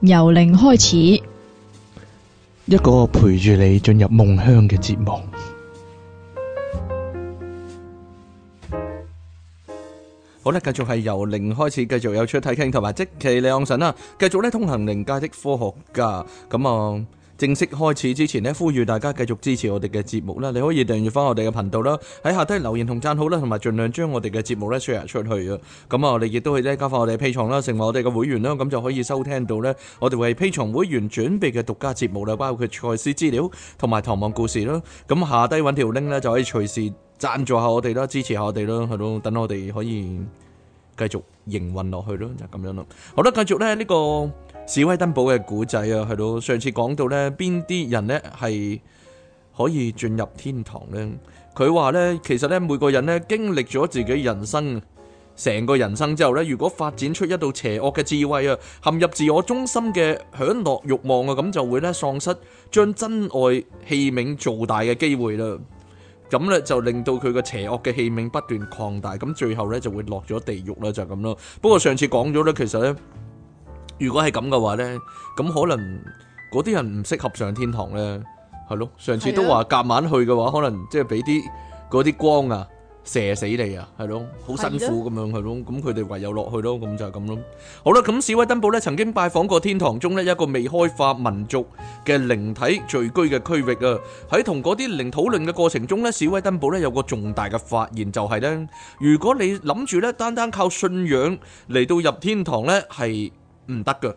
由零開始，一個陪住你進入夢鄉嘅節目。好啦，繼續係由零開始，繼續有出體傾同埋即期李康臣啦。繼續咧，通行靈界的科學家咁啊。正式開始之前咧，呼籲大家繼續支持我哋嘅節目啦！你可以訂閱翻我哋嘅頻道啦，喺下低留言同贊好啦，同埋盡量將我哋嘅節目咧 share 出去啊！咁啊，我哋亦都可以咧加翻我哋 P 床 Patreon 啦，成為我哋嘅會員啦，咁就可以收聽到呢，我哋為 Patreon 會員準備嘅獨家節目啦，包括賽斯資料同埋唐望故事啦。咁、嗯、下低揾條 link 咧，就可以隨時贊助下我哋啦，支持下我哋啦，係咯，等我哋可以繼續營運落去咯，就咁樣咯。好啦，繼續咧呢、這個。史威登堡嘅古仔啊，係咯，上次講到呢邊啲人呢，係可以進入天堂呢，佢話呢，其實呢，每個人呢，經歷咗自己人生，成個人生之後呢，如果發展出一道邪惡嘅智慧啊，陷入自我中心嘅享樂欲望啊，咁就會呢喪失將真愛器皿做大嘅機會啦。咁呢，就令到佢個邪惡嘅器皿不斷擴大，咁最後呢，就會落咗地獄啦，就咁咯。不過上次講咗咧，其實呢。如果係咁嘅話咧，咁可能嗰啲人唔適合上天堂咧，係咯。上次都話夾晚去嘅話，可能即係俾啲嗰啲光啊射死你啊，係咯，好辛苦咁樣係咯。咁佢哋唯有落去咯，咁就係咁咯。好啦，咁史威登堡咧曾經拜訪過天堂中咧一個未開化民族嘅靈體聚居嘅區域啊。喺同嗰啲靈討論嘅過程中咧，史威登堡咧有個重大嘅發現就係咧，如果你諗住咧單單靠信仰嚟到，入天堂咧係。唔得嘅。Mm,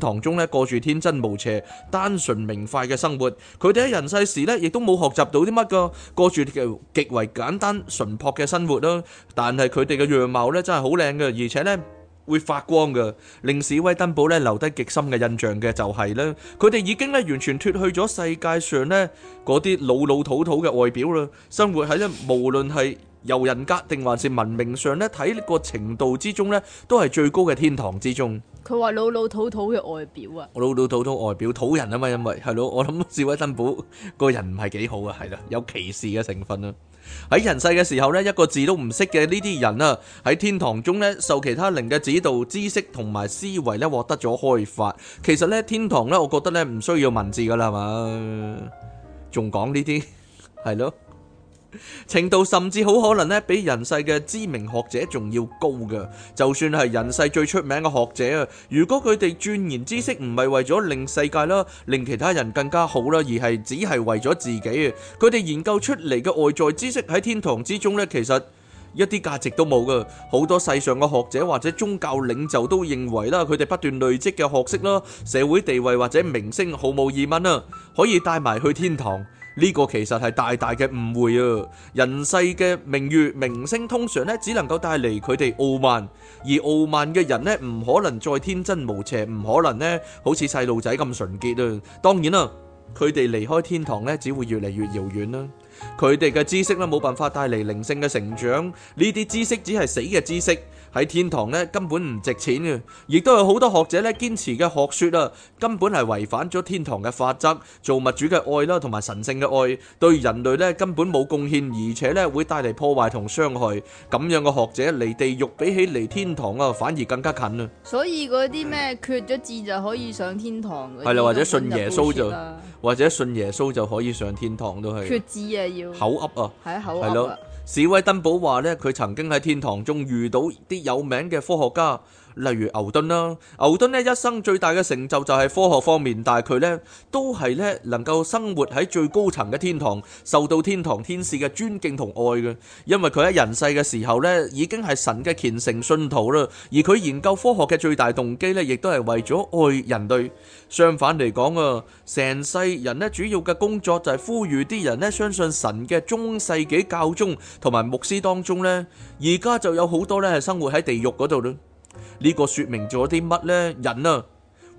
堂中咧過住天真無邪、單純明快嘅生活，佢哋喺人世時咧亦都冇學習到啲乜噶，過住極極為簡單純樸嘅生活咯。但係佢哋嘅樣貌咧真係好靚嘅，而且咧會發光噶，令史威登堡咧留低極深嘅印象嘅就係咧，佢哋已經咧完全脫去咗世界上咧嗰啲老老土土嘅外表啦，生活喺咧無論係游人格定還是文明上咧睇個程度之中咧，都係最高嘅天堂之中。佢話老老土土嘅外表啊，我老老土土外表，土人啊嘛，因為係咯，我諗智慧登寶個人唔係幾好啊，係啦，有歧視嘅成分啊。喺人世嘅時候呢，一個字都唔識嘅呢啲人啊，喺天堂中呢，受其他靈嘅指導，知識同埋思維呢，獲得咗開發。其實呢，天堂呢，我覺得呢，唔需要文字㗎啦，係嘛，仲講呢啲，係咯。程度甚至好可能咧，比人世嘅知名學者仲要高噶。就算係人世最出名嘅學者啊，如果佢哋鑽研知識唔係為咗令世界啦、令其他人更加好啦，而係只係為咗自己，佢哋研究出嚟嘅外在知識喺天堂之中呢，其實一啲價值都冇噶。好多世上嘅學者或者宗教領袖都認為啦，佢哋不斷累積嘅學識啦、社會地位或者名聲毫無疑問啊，可以帶埋去天堂。呢個其實係大大嘅誤會啊！人世嘅名譽、名聲，通常咧只能夠帶嚟佢哋傲慢，而傲慢嘅人咧唔可能再天真無邪，唔可能呢好似細路仔咁純潔啊！當然啦、啊，佢哋離開天堂咧，只會越嚟越遙遠啦。佢哋嘅知識咧，冇辦法帶嚟靈性嘅成長，呢啲知識只係死嘅知識。喺天堂咧根本唔值錢嘅，亦都有好多學者咧堅持嘅學説啊，根本係違反咗天堂嘅法則，造物主嘅愛啦，同埋神聖嘅愛對人類咧根本冇貢獻，而且咧會帶嚟破壞同傷害。咁樣嘅學者離地獄比起離天堂啊，反而更加近啊。所以嗰啲咩缺咗字就可以上天堂嘅，啦、嗯，或者信耶穌就或者信耶穌就可以上天堂都係。缺字啊要口噏啊，係口噏啊。 史威登堡話，呢，佢曾經喺天堂中遇到啲有名嘅科學家。例如牛頓啦，牛頓呢一生最大嘅成就就係科學方面，但係佢呢都係呢能夠生活喺最高層嘅天堂，受到天堂天使嘅尊敬同愛嘅。因為佢喺人世嘅時候呢，已經係神嘅虔誠信徒啦。而佢研究科學嘅最大動機呢，亦都係為咗愛人類。相反嚟講啊，成世人呢主要嘅工作就係呼籲啲人呢相信神嘅中世紀教宗同埋牧師當中呢，而家就有好多呢係生活喺地獄嗰度咯。呢個說明咗啲乜呢？人啊，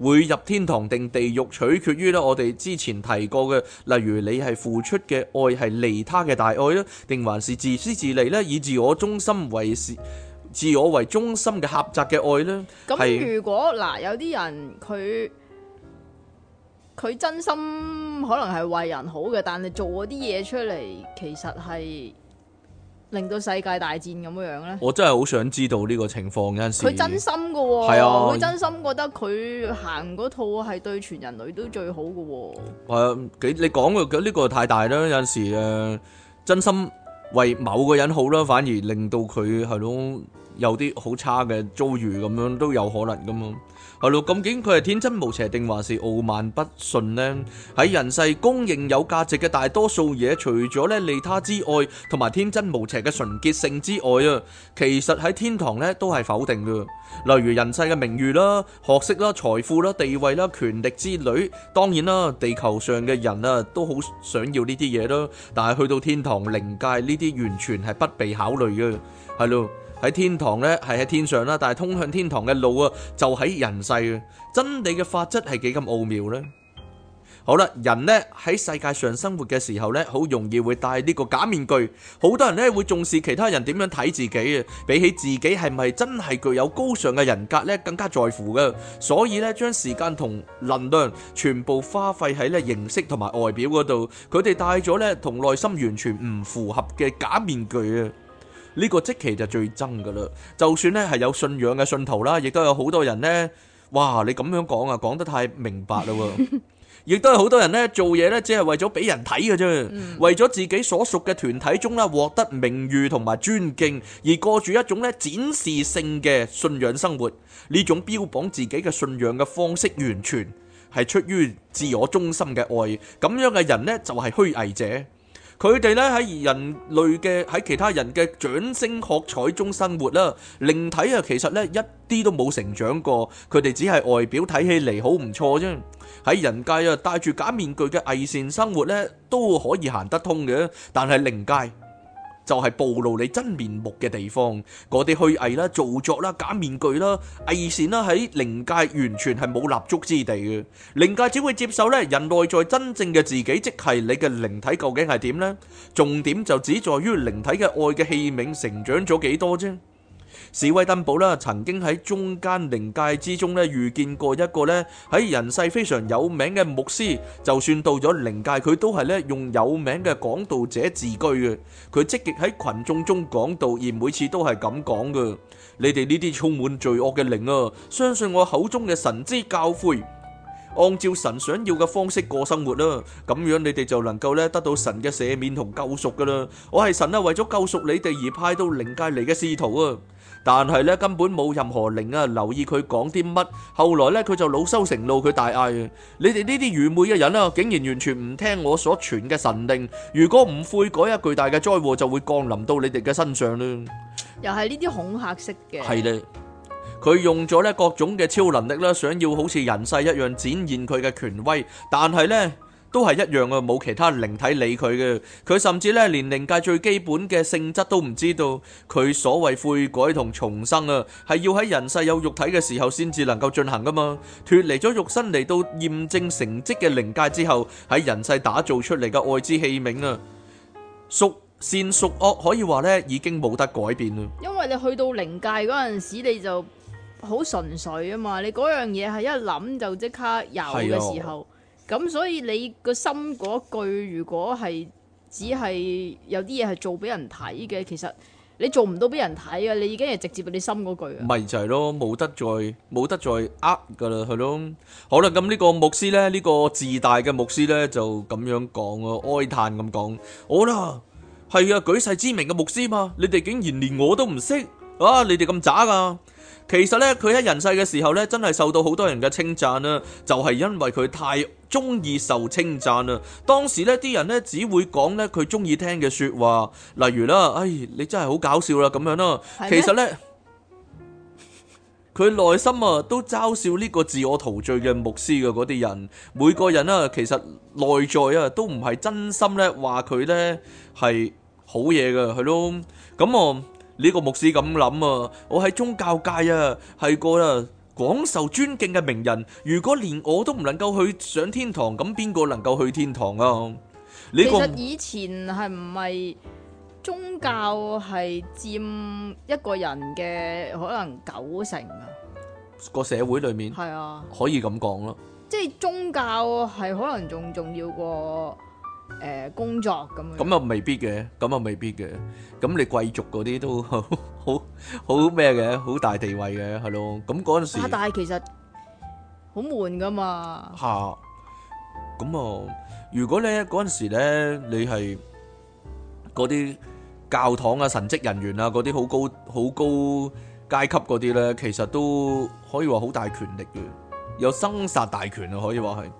會入天堂定地獄，取決於咧我哋之前提過嘅，例如你係付出嘅愛係利他嘅大愛啦，定還是自私自利呢？以自我中心為自我為中心嘅狹窄嘅愛呢？係那麼 是如果嗱、呃、有啲人佢佢真心可能係為人好嘅，但係做嗰啲嘢出嚟，其實係。令到世界大戰咁樣咧，我真係好想知道呢個情況。有陣時佢真心㗎喎、哦，佢、啊、真心覺得佢行嗰套係對全人類都最好㗎喎、哦。誒、嗯，你講嘅呢個太大啦。有陣時誒，真心為某個人好啦，反而令到佢係咯有啲好差嘅遭遇咁樣都有可能嘅嘛。係咯，究竟佢係天真無邪定還是傲慢不順呢？喺人世公認有價值嘅大多數嘢，除咗咧利他之外，同埋天真無邪嘅純潔性之外啊，其實喺天堂咧都係否定嘅。例如人世嘅名譽啦、學識啦、財富啦、地位啦、權力之類，當然啦，地球上嘅人啊都好想要呢啲嘢啦。但係去到天堂靈界呢啲完全係不被考慮嘅，係咯。喺天堂咧，係喺天上啦，但係通向天堂嘅路啊，就喺人世啊。真理嘅法則係幾咁奧妙呢？好啦，人呢，喺世界上生活嘅時候呢，好容易會戴呢個假面具。好多人呢，會重視其他人點樣睇自己啊，比起自己係咪真係具有高尚嘅人格呢，更加在乎嘅。所以呢，將時間同能量全部花費喺呢形式同埋外表嗰度，佢哋戴咗呢同內心完全唔符合嘅假面具啊。呢個即其就最憎噶啦！就算咧係有信仰嘅信徒啦，亦都有好多人呢：「哇！你咁樣講啊，講得太明白啦！亦 都有好多人呢，做嘢呢，只係、嗯、為咗俾人睇嘅啫，為咗自己所屬嘅團體中呢，獲得名譽同埋尊敬，而過住一種呢展示性嘅信仰生活，呢種標榜自己嘅信仰嘅方式，完全係出於自我中心嘅愛，咁樣嘅人呢，就係虛偽者。佢哋咧喺人類嘅喺其他人嘅掌聲喝彩中生活啦，靈體啊其實咧一啲都冇成長過，佢哋只係外表睇起嚟好唔錯啫，喺人界啊戴住假面具嘅偽善生活咧都可以行得通嘅，但係靈界，就係暴露你真面目嘅地方，嗰啲虛偽啦、造作啦、假面具啦、偽善啦，喺靈界完全係冇立足之地嘅。靈界只會接受咧人內在真正嘅自己，即係你嘅靈體究竟係點呢？重點就只在於靈體嘅愛嘅器皿成長咗幾多啫。史威登堡啦，曾經喺中間靈界之中咧遇見過一個咧喺人世非常有名嘅牧師，就算到咗靈界，佢都係咧用有名嘅講道者自居嘅。佢積極喺群眾中講道，而每次都係咁講嘅：你哋呢啲充滿罪惡嘅靈啊，相信我口中嘅神之教誨，按照神想要嘅方式過生活啦，咁樣你哋就能夠咧得到神嘅赦免同救贖噶啦。我係神啊，為咗救贖你哋而派到靈界嚟嘅使徒啊。但係咧，根本冇任何靈啊留意佢講啲乜。後來咧，佢就惱羞成怒，佢大嗌：「你哋呢啲愚昧嘅人啊，竟然完全唔聽我所傳嘅神令！如果唔悔改，一巨大嘅災禍就會降臨到你哋嘅身上啦！」又係呢啲恐吓式嘅。係咧，佢用咗咧各種嘅超能力啦，想要好似人世一樣展現佢嘅權威。但係咧。都係一樣啊，冇其他靈體理佢嘅，佢甚至咧連靈界最基本嘅性質都唔知道。佢所謂悔改同重生啊，係要喺人世有肉體嘅時候先至能夠進行噶嘛。脫離咗肉身嚟到驗證成績嘅靈界之後，喺人世打造出嚟嘅愛之器皿啊，屬善屬惡，可以話咧已經冇得改變啦。因為你去到靈界嗰陣時，你就好純粹啊嘛，你嗰樣嘢係一諗就即刻有嘅時候。咁所以你個心嗰句，如果係只係有啲嘢係做俾人睇嘅，其實你做唔到俾人睇啊！你已經係直接俾你心嗰句啊！咪就係咯，冇得再冇得再呃㗎啦，係咯。好啦，咁呢個牧師咧，呢個自大嘅牧師咧，就咁樣講啊，哀嘆咁講，好啦係啊，舉世知名嘅牧師嘛，你哋竟然連我都唔識啊！你哋咁渣㗎！其實咧，佢喺人世嘅時候咧，真係受到好多人嘅稱讚啦，就係、是、因為佢太中意受稱讚啦。當時咧，啲人咧只會講咧佢中意聽嘅說話，例如啦，哎，你真係好搞笑啦，咁樣啦。其實咧，佢內嗎心啊都嘲笑呢個自我陶醉嘅牧師嘅嗰啲人。每個人啊，其實內在啊都唔係真心咧話佢咧係好嘢嘅，係咯，咁我。呢個牧師咁諗啊，我喺宗教界啊，係個啊，廣受尊敬嘅名人。如果連我都唔能夠去上天堂，咁邊個能夠去天堂啊？其實以前係唔係宗教係佔一個人嘅可能九成啊？個社會裡面係啊，可以咁講咯，即係宗教係可能仲重要過。誒、呃，工作咁樣，咁又未必嘅，咁又未必嘅。咁你貴族嗰啲都呵呵好好咩嘅，好大地位嘅係咯。咁嗰陣時，但係其實好悶噶嘛。吓、啊，咁啊，如果咧嗰陣時咧，你係嗰啲教堂啊、神職人員啊、嗰啲好高、好高階級嗰啲咧，其實都可以話好大權力嘅，有生殺大權啊，可以話係。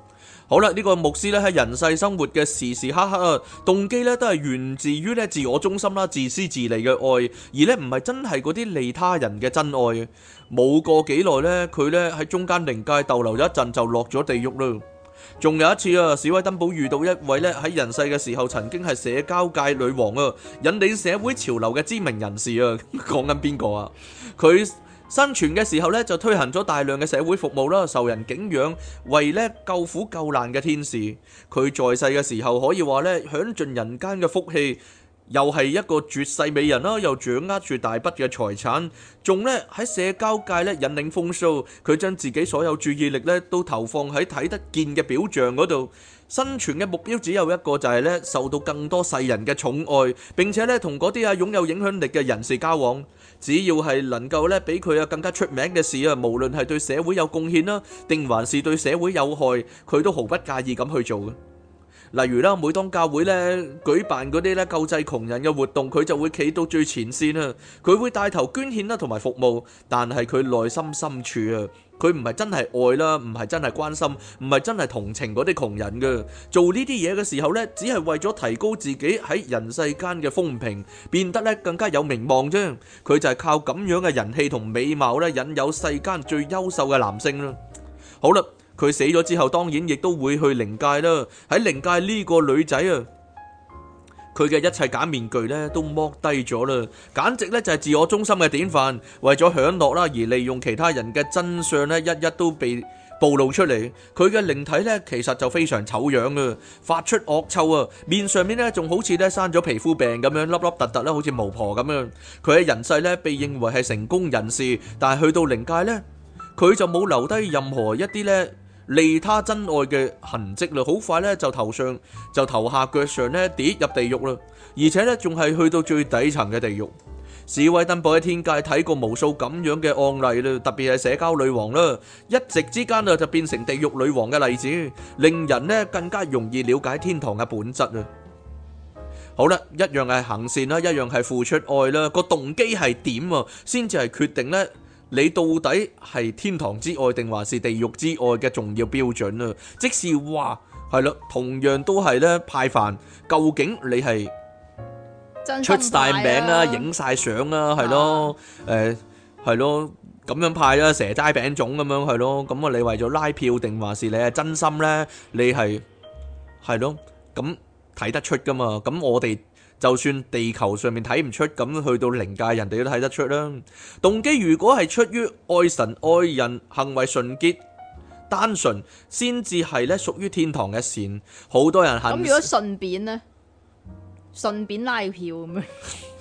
好啦，呢個牧師咧喺人世生活嘅時時刻刻啊，動機咧都係源自於咧自我中心啦、自私自利嘅愛，而咧唔係真係嗰啲利他人嘅真愛嘅。冇過幾耐咧，佢咧喺中間靈界逗留咗一陣就落咗地獄啦。仲有一次啊，史威登堡遇到一位咧喺人世嘅時候曾經係社交界女王啊，引領社會潮流嘅知名人士啊，講緊邊個啊？佢。生存嘅時候咧，就推行咗大量嘅社會服務啦，受人敬仰，為咧救苦救難嘅天使。佢在世嘅時候可以話咧，享盡人間嘅福氣，又係一個絕世美人啦，又掌握住大筆嘅財產，仲咧喺社交界咧引領風騷。佢將自己所有注意力咧都投放喺睇得見嘅表象嗰度，生存嘅目標只有一個，就係咧受到更多世人嘅寵愛，並且咧同嗰啲啊擁有影響力嘅人士交往。只要係能夠咧，比佢啊更加出名嘅事啊，無論係對社會有貢獻啦，定還是對社會有害，佢都毫不介意咁去做嘅。例如啦，每當教會咧舉辦嗰啲咧救濟窮人嘅活動，佢就會企到最前線啊，佢會帶頭捐獻啦同埋服務，但係佢內心深處啊。佢唔係真係愛啦，唔係真係關心，唔係真係同情嗰啲窮人嘅。做呢啲嘢嘅時候呢，只係為咗提高自己喺人世間嘅風評，變得呢更加有名望啫。佢就係靠咁樣嘅人氣同美貌呢，引誘世間最優秀嘅男性啦。好啦，佢死咗之後，當然亦都會去靈界啦。喺靈界呢個女仔啊。佢嘅一切假面具咧都剝低咗啦，簡直咧就係自我中心嘅典範。為咗享樂啦，而利用其他人嘅真相咧，一一都被暴露出嚟。佢嘅靈體咧其實就非常醜樣啊，發出惡臭啊，面上面咧仲好似咧生咗皮膚病咁樣，粒粒凸凸啦，好似巫婆咁樣。佢喺人世咧被認為係成功人士，但係去到靈界咧，佢就冇留低任何一啲咧利他真愛嘅痕跡啦，好快咧就頭上就頭下腳上咧跌入地獄啦，而且咧仲係去到最底層嘅地獄。史威登堡喺天界睇過無數咁樣嘅案例啦，特別係社交女王啦，一夕之間啊就變成地獄女王嘅例子，令人呢更加容易了解天堂嘅本質啊！好啦，一樣係行善啦，一樣係付出愛啦，個動機係點啊先至係決定呢。你到底係天堂之外定還是地獄之外嘅重要標準啊？即使話係咯，同樣都係咧派飯，究竟你係出曬名啊、影曬相啊，係咯？誒，係咯，咁樣派啦，蛇齋餅糭咁樣係咯，咁啊你為咗拉票定還是你係真心咧？你係係咯，咁睇得出㗎嘛？咁我哋。就算地球上面睇唔出，咁去到靈界，人哋都睇得出啦。動機如果係出於愛神愛人，行為純潔單純，先至係咧屬於天堂嘅善。好多人肯咁，如果順便呢？順便拉票咁樣。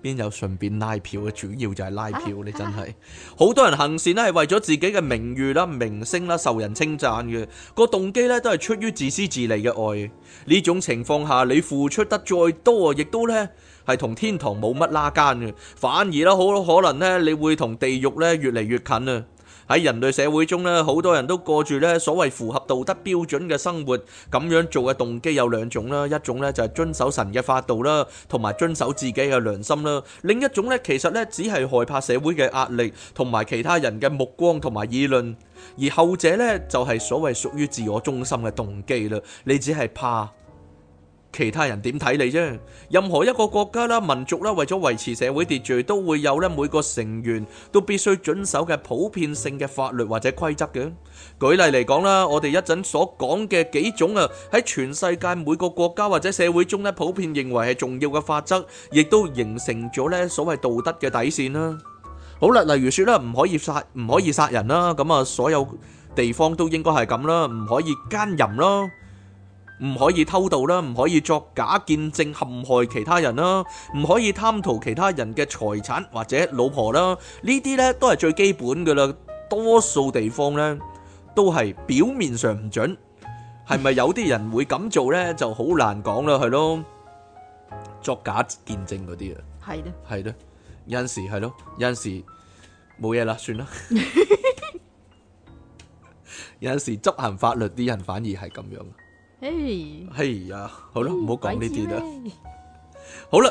邊有順便拉票嘅？主要就係拉票，你真係好、啊啊、多人行善咧，係為咗自己嘅名譽啦、名聲啦，受人稱讚嘅。個動機呢都係出於自私自利嘅愛。呢種情況下，你付出得再多，亦都呢係同天堂冇乜拉間嘅，反而咧好可能呢，你會同地獄呢越嚟越近啊！喺人類社會中咧，好多人都過住咧所謂符合道德標準嘅生活，咁樣做嘅動機有兩種啦，一種咧就係遵守神嘅法度啦，同埋遵守自己嘅良心啦；另一種咧其實咧只係害怕社會嘅壓力同埋其他人嘅目光同埋議論，而後者咧就係所謂屬於自我中心嘅動機啦，你只係怕。其他人點睇你啫？任何一個國家啦、民族啦，為咗維持社會秩序，都會有咧每個成員都必須遵守嘅普遍性嘅法律或者規則嘅。舉例嚟講啦，我哋一陣所講嘅幾種啊，喺全世界每個國家或者社會中咧，普遍認為係重要嘅法則，亦都形成咗咧所謂道德嘅底線啦。好啦，例如說啦，唔可以殺，唔可以殺人啦。咁啊，所有地方都應該係咁啦，唔可以奸淫咯。唔可以偷盜啦，唔可以作假見證陷害其他人啦，唔可以貪圖其他人嘅財產或者老婆啦，呢啲呢都係最基本噶啦。多數地方呢都係表面上唔准，係咪有啲人會咁做呢？就好難講啦，係咯？作假見證嗰啲啊，係咯，係有陣時係咯，有陣時冇嘢啦，算啦。 有陣時執行法律啲人反而係咁樣。哎，係呀，好啦，唔好講呢啲啦。好啦，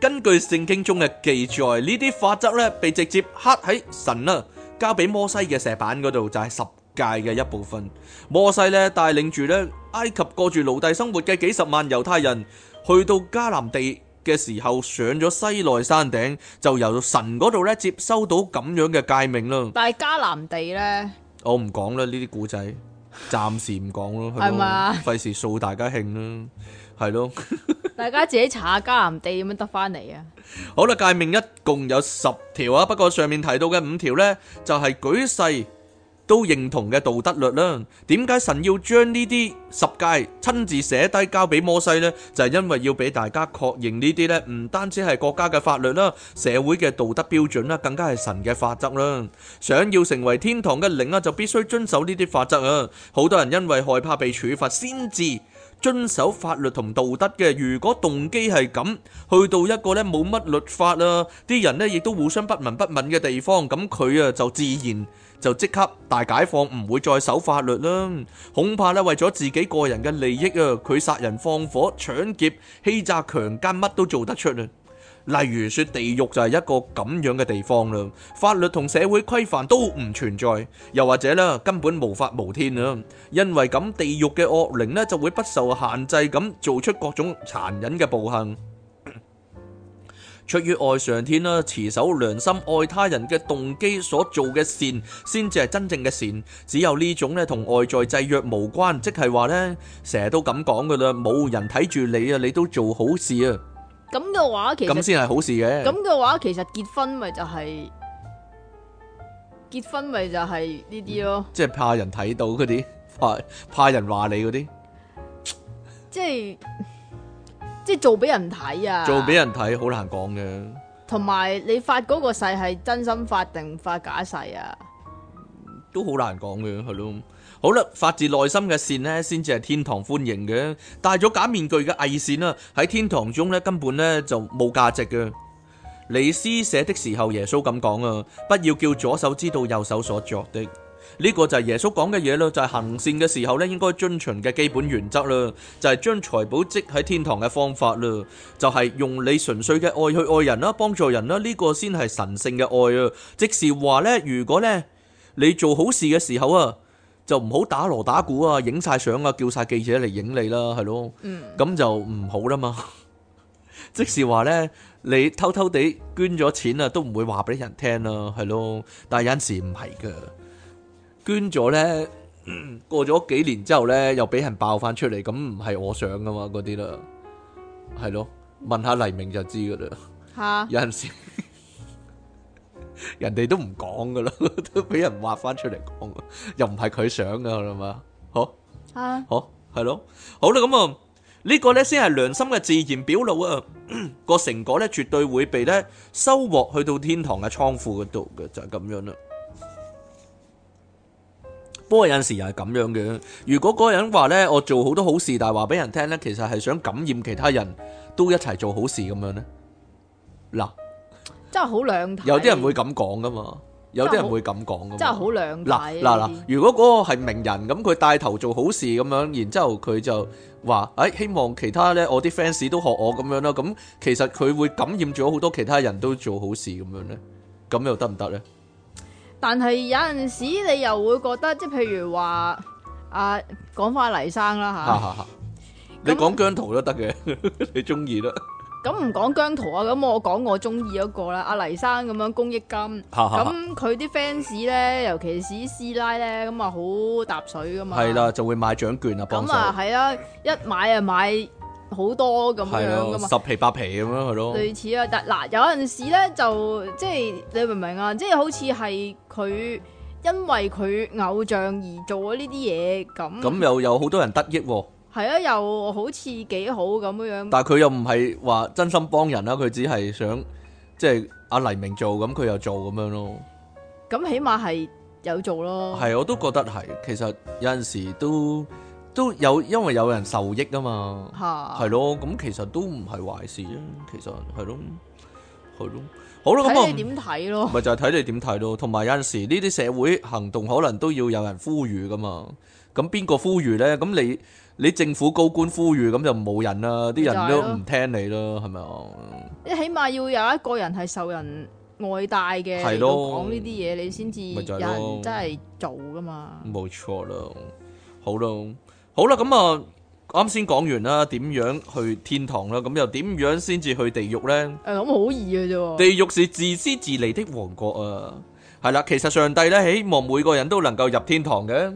根據聖經中嘅記載，呢啲法則咧，被直接刻喺神啊，交俾摩西嘅石板嗰度，就係十誡嘅一部分。摩西咧帶領住咧埃及過住奴隸生活嘅幾十萬猶太人，去到迦南地嘅時候，上咗西奈山頂，就由神嗰度咧接收到咁樣嘅誡命啦。但係迦南地咧，我唔講啦，呢啲古仔。暫時唔講咯，係嘛？費事掃大家興啦，係咯。大家自己查下迦南地點樣得翻嚟啊！好啦，誡命一共有十條啊，不過上面提到嘅五條咧，就係舉世。都認同嘅道德律啦，點解神要將呢啲十誡親自寫低交俾摩西呢？就係因為要俾大家確認呢啲呢，唔單止係國家嘅法律啦，社會嘅道德標準啦，更加係神嘅法則啦。想要成為天堂嘅靈啊，就必須遵守呢啲法則啊。好多人因為害怕被處罰先至遵守法律同道德嘅。如果動機係咁，去到一個呢，冇乜律法啊，啲人呢亦都互相不聞不問嘅地方，咁佢啊就自然。就即刻大解放，唔會再守法律啦。恐怕咧，為咗自己個人嘅利益啊，佢殺人放火、搶劫、欺詐、強姦，乜都做得出啊。例如說，地獄就係一個咁樣嘅地方啦。法律同社會規範都唔存在，又或者啦，根本無法無天啊。因為咁，地獄嘅惡靈咧就會不受限制咁，做出各種殘忍嘅暴行。出於愛上天啦，持守良心愛他人嘅動機所做嘅善，先至係真正嘅善。只有呢種咧，同外在制約無關，即係話咧，成日都咁講噶啦，冇人睇住你啊，你都做好事啊。咁嘅話，其實咁先係好事嘅。咁嘅話，其實結婚咪就係結婚咪就係呢啲咯。即係怕人睇到嗰啲，怕怕人話你嗰啲，即係。即係做俾人睇啊！做俾人睇好難講嘅，同埋你發嗰個誓係真心發定發假誓啊？都好難講嘅係咯。好啦，發自內心嘅善呢，先至係天堂歡迎嘅。戴咗假面具嘅偽善啊，喺天堂中呢，根本呢就冇價值嘅。你施捨的時候，耶穌咁講啊，不要叫左手知道右手所作的。呢個就係耶穌講嘅嘢咯，就係、是、行善嘅時候咧，應該遵循嘅基本原則啦，就係將財寶積喺天堂嘅方法啦，就係、是、用你純粹嘅愛去愛人啦，幫助人啦，呢、這個先係神聖嘅愛啊！即是話咧，如果咧你做好事嘅時候啊，就唔好打鑼打鼓啊，影晒相啊，叫晒記者嚟影你啦，係咯，咁、嗯、就唔好啦嘛！即是話咧，你偷偷地捐咗錢啊，都唔會話俾人聽啦，係咯，但係有陣時唔係噶。捐咗咧，過咗幾年之後咧，又俾人爆翻出嚟，咁唔係我想噶嘛，嗰啲啦，係咯，問下黎明就知噶啦，吓哈，有陣時人哋都唔講噶啦，都俾人挖翻出嚟講，又唔係佢想噶啦嘛，吓，吓，係咯，好啦，咁哈啊，呢、這個咧先係良心嘅自然表露啊，個 成果咧絕對會被咧收穫去到天堂嘅倉庫嗰度嘅，就係、是、咁樣啦、啊。不過有陣時又係咁樣嘅。如果嗰個人話咧，我做好多好事，但係話俾人聽咧，其實係想感染其他人都一齊做好事咁樣咧。嗱，真係好兩。有啲人會咁講噶嘛？有啲人會咁講噶。真係好兩。嗱嗱嗱，如果嗰個係名人，咁佢帶頭做好事咁樣，然之後佢就話，誒，希望其他咧，我啲 fans 都學我咁樣咯。咁其實佢會感染咗好多其他人都做好事咁樣咧。咁又得唔得咧？但係有陣時你又會覺得，即係譬如話，啊，講翻黎生啦吓，你講姜濤都得嘅，你中意啦。咁唔講姜濤啊，咁我講我中意嗰個啦，阿黎生咁樣公益金，咁佢啲 fans 咧，尤其是師奶咧，咁咪好搭水噶嘛。係啦，就會買獎券啊。咁啊係啊，一買就買。好多咁樣噶嘛，十皮八皮咁樣係咯。類似啊，但嗱有陣時咧就即係你明唔明啊？即係好似係佢因為佢偶像而做咗呢啲嘢咁。咁又有好多人得益喎，啊。係啊，又好似幾好咁樣。但係佢又唔係話真心幫人啦，佢只係想即係阿黎明做，咁佢又做咁樣咯。咁起碼係有做咯。係，我都覺得係。其實有陣時都。都有，因為有人受益啊嘛，係哈咯，咁其實都唔係壞事啫，其實係咯，係咯，好咯，咁你點睇咯？咪就係睇你點睇咯，同埋有陣時呢啲社會行動可能都要有人呼籲噶嘛，咁邊個呼籲咧？咁你你政府高官呼籲咁就冇人啦，啲人都唔聽你咯，係咪啊？即起碼要有一個人係受人愛戴嘅，係咯，講呢啲嘢你先至有人真係做噶嘛，冇錯啦，好咯。好咯好啦，咁啊，啱先講完啦，點樣去天堂啦？咁又點樣先至去地獄呢？誒，咁好易嘅啫。地獄是自私自利的王國啊，係啦。其實上帝咧希望每個人都能夠入天堂嘅，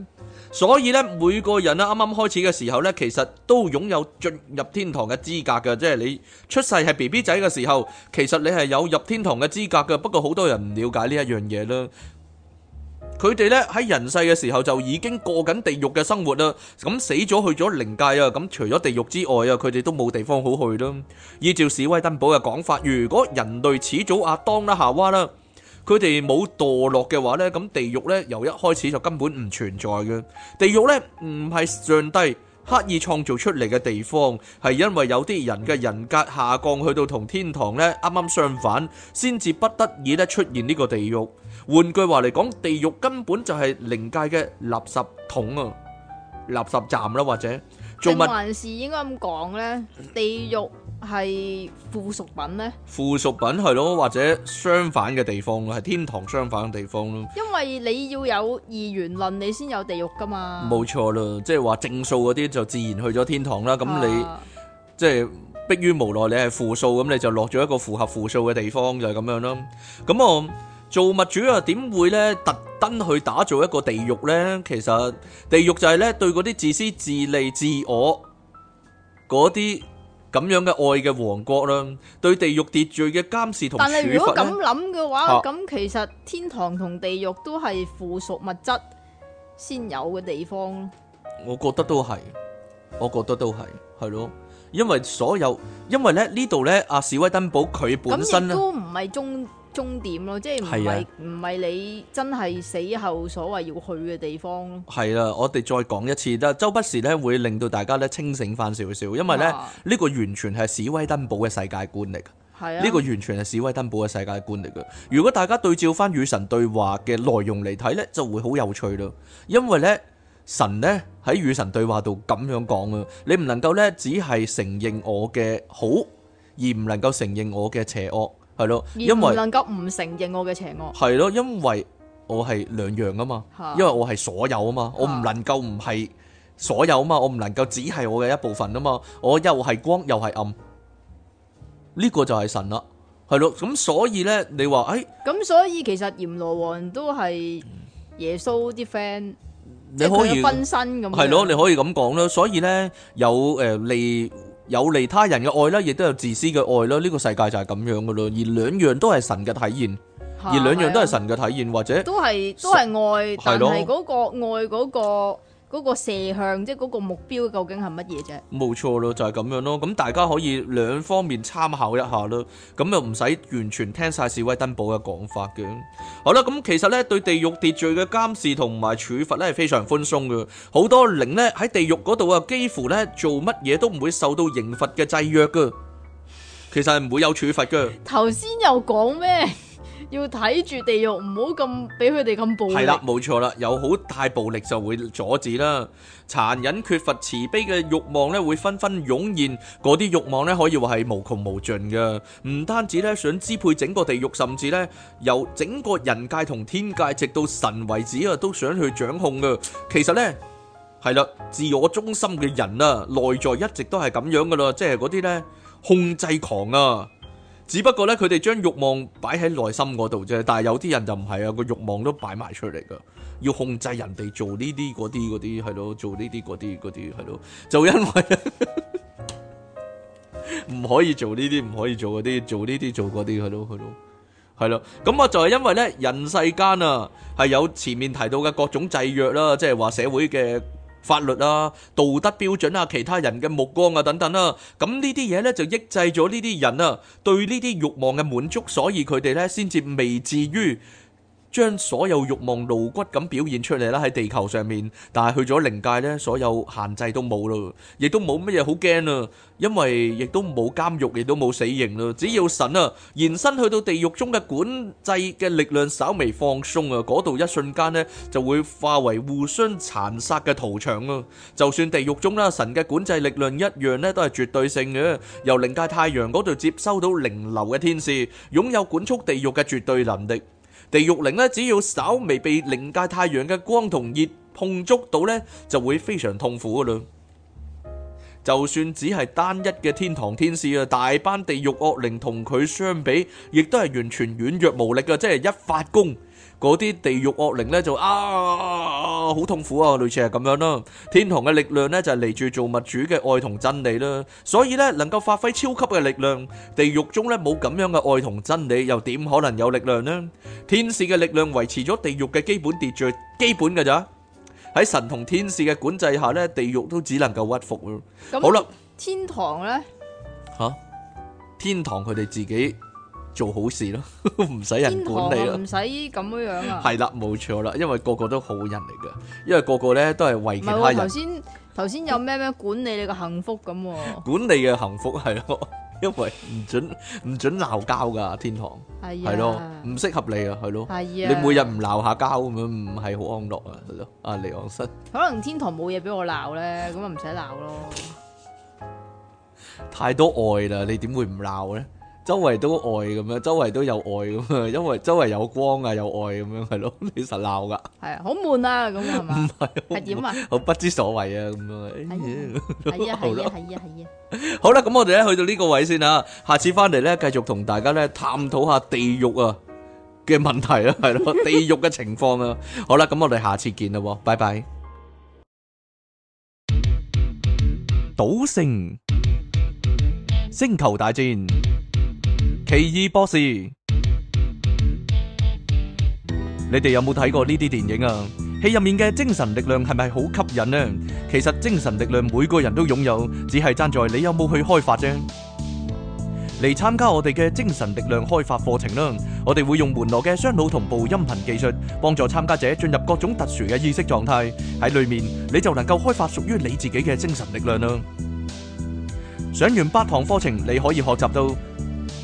所以咧每個人咧啱啱開始嘅時候咧，其實都擁有進入天堂嘅資格嘅，即係你出世係 BB 仔嘅時候，其實你係有入天堂嘅資格嘅。不過好多人唔了解呢一樣嘢啦。佢哋咧喺人世嘅時候就已經過緊地獄嘅生活啦，咁死咗去咗靈界啊，咁除咗地獄之外啊，佢哋都冇地方好去啦。依照史威登堡嘅講法，如果人類始祖阿當啦、夏娃啦，佢哋冇墮落嘅話呢，咁地獄呢由一開始就根本唔存在嘅。地獄呢唔係上帝刻意創造出嚟嘅地方，係因為有啲人嘅人格下降去到同天堂呢啱啱相反，先至不得已咧出現呢個地獄。換句話嚟講，地獄根本就係靈界嘅垃圾桶啊、垃圾站啦、啊，或者仲係還是應該咁講咧？地獄係附屬品咧？附屬品係咯，或者相反嘅地方咯，係天堂相反嘅地方咯。因為你要有二元論，你先有地獄噶嘛。冇錯啦，即係話正數嗰啲就自然去咗天堂啦。咁你、啊、即係迫於無奈你附屬，你係負數，咁你就落咗一個符合負數嘅地方，就係、是、咁樣咯。咁我。造物主啊，點會咧特登去打造一個地獄咧？其實地獄就係咧對嗰啲自私自利自我嗰啲咁樣嘅愛嘅王國啦，對地獄秩序嘅監視同處罰咧。但係如果咁諗嘅話，咁其實天堂同地獄都係附屬物質先有嘅地方。我覺得都係，我覺得都係，係咯，因為所有，因為咧呢度咧，阿史威登堡佢本身咧都唔係中。終點咯，即係唔係唔係你真係死後所謂要去嘅地方咯？係啦、啊，我哋再講一次啦，周不時咧會令到大家咧清醒翻少少，因為咧呢、啊、個完全係史威登堡嘅世界觀嚟噶，呢、啊、個完全係史威登堡嘅世界觀嚟噶。如果大家對照翻與神對話嘅內容嚟睇咧，就會好有趣咯。因為咧神咧喺與神對話度咁樣講啊，你唔能夠咧只係承認我嘅好，而唔能夠承認我嘅邪惡。係咯，因為唔能夠唔承認我嘅邪惡。係咯，因為我係兩樣啊嘛，因為我係所有啊嘛，我唔能夠唔係所有啊嘛，我唔能夠只係我嘅一部分啊嘛，我又係光又係暗，呢個就係神啦。係咯，咁所以咧，你話誒，咁所以其實閻羅王都係耶穌啲 friend，即係佢嘅分身咁。係咯，你可以咁講啦。所以咧，有誒你。有利他人嘅愛咧，亦都有自私嘅愛咯。呢、這個世界就係咁樣噶咯，而兩樣都係神嘅體現，啊、而兩樣都係神嘅體現，啊、或者都係都係愛，神但係嗰、那個的愛嗰、那個嗰個射向即係嗰個目標究竟係乜嘢啫？冇錯咯，就係咁樣咯。咁大家可以兩方面參考一下咯。咁又唔使完全聽晒史威登堡嘅講法嘅。好啦，咁其實咧對地獄秩序嘅監視同埋處罰咧係非常寬鬆嘅。好多靈呢喺地獄嗰度啊，幾乎咧做乜嘢都唔會受到刑罰嘅制約嘅。其實係唔會有處罰嘅。頭先又講咩？要睇住地獄，唔好咁俾佢哋咁暴力。係啦，冇錯啦，有好大暴力就會阻止啦。殘忍、缺乏慈悲嘅慾望咧，會紛紛湧現。嗰啲慾望咧，可以話係無窮無盡嘅。唔單止咧，想支配整個地獄，甚至咧由整個人界同天界，直到神為止啊，都想去掌控嘅。其實咧，係啦，自我中心嘅人啊，內在一直都係咁樣噶啦，即係嗰啲咧控制狂啊。只不過咧，佢哋將慾望擺喺內心嗰度啫。但係有啲人就唔係啊，個慾望都擺埋出嚟噶。要控制人哋做呢啲、嗰啲、嗰啲，係咯？做呢啲、嗰啲、嗰啲，係咯？就因為唔 可以做呢啲，唔可以做嗰啲，做呢啲，做嗰啲，係咯，係咯，係咯。咁啊，就係因為咧，人世間啊，係有前面提到嘅各種制約啦、啊，即係話社會嘅。法律啊、道德標準啊、其他人嘅目光啊等等啊，咁呢啲嘢咧就抑制咗呢啲人啊對呢啲欲望嘅滿足，所以佢哋咧先至未至於。將所有慾望露骨咁表現出嚟啦，喺地球上面，但係去咗靈界呢，所有限制都冇咯，亦都冇乜嘢好驚啦，因為亦都冇監獄，亦都冇死刑咯。只要神啊延伸去到地獄中嘅管制嘅力量稍微放鬆啊，嗰度一瞬間呢就會化為互相殘殺嘅屠場啊！就算地獄中啦，神嘅管制力量一樣呢都係絕對性嘅。由靈界太陽嗰度接收到靈流嘅天使，擁有管束地獄嘅絕對能力。地獄靈咧，只要稍微被靈界太陽嘅光同熱碰觸到呢，就會非常痛苦噶啦。就算只係單一嘅天堂天使啊，大班地獄惡靈同佢相比，亦都係完全軟弱無力噶，即係一發功。嗰啲地獄惡靈咧就啊好痛苦啊，類似係咁樣囉。天堂嘅力量咧就係嚟自造物主嘅愛同真理啦，所以咧能夠發揮超級嘅力量。地獄中咧冇咁樣嘅愛同真理，又點可能有力量呢？天使嘅力量維持咗地獄嘅基本秩序，基本㗎咋？喺神同天使嘅管制下咧，地獄都只能夠屈服。好啦，天堂咧吓，天堂佢哋自己，做好事咯，唔使人管理咯，唔使咁樣樣啊。係啦，冇錯啦，因為個個都好人嚟噶，因為個個咧都係為其他人。頭先頭先有咩咩管理你個幸福咁？管理嘅幸福係咯，因為唔準唔準鬧交噶，天堂係咯，唔適合你啊，係咯。係啊。你每日唔鬧下交咁樣，唔係好安樂啊，係咯。阿李昂森，可能天堂冇嘢俾我鬧咧，咁啊唔使鬧咯。太多愛啦，你點會唔鬧咧？周圍都愛咁樣，周圍都有愛咁樣，因為周圍有光啊，有愛咁樣係咯，你實鬧噶係啊，好悶啊，咁樣係嘛？唔係，係點啊？好不知所謂啊，咁樣。係啊，係啊，係啊，係啊。好啦，咁我哋咧去到呢個位先啦，下次翻嚟咧繼續同大家咧探討下地獄啊嘅問題啊，係咯，地獄嘅情況啊。好啦，咁我哋下次見啦，拜拜。賭聖、星球大戰。奇異博士，你哋有冇睇過呢啲電影啊？戲入面嘅精神力量係咪好吸引呢？其實精神力量每個人都擁有，只係爭在你有冇去開發啫。嚟參加我哋嘅精神力量開發課程啦，我哋會用門羅嘅雙腦同步音頻技術，幫助參加者進入各種特殊嘅意識狀態，喺裏面你就能夠開發屬於你自己嘅精神力量啦。上完八堂課程，你可以學習到。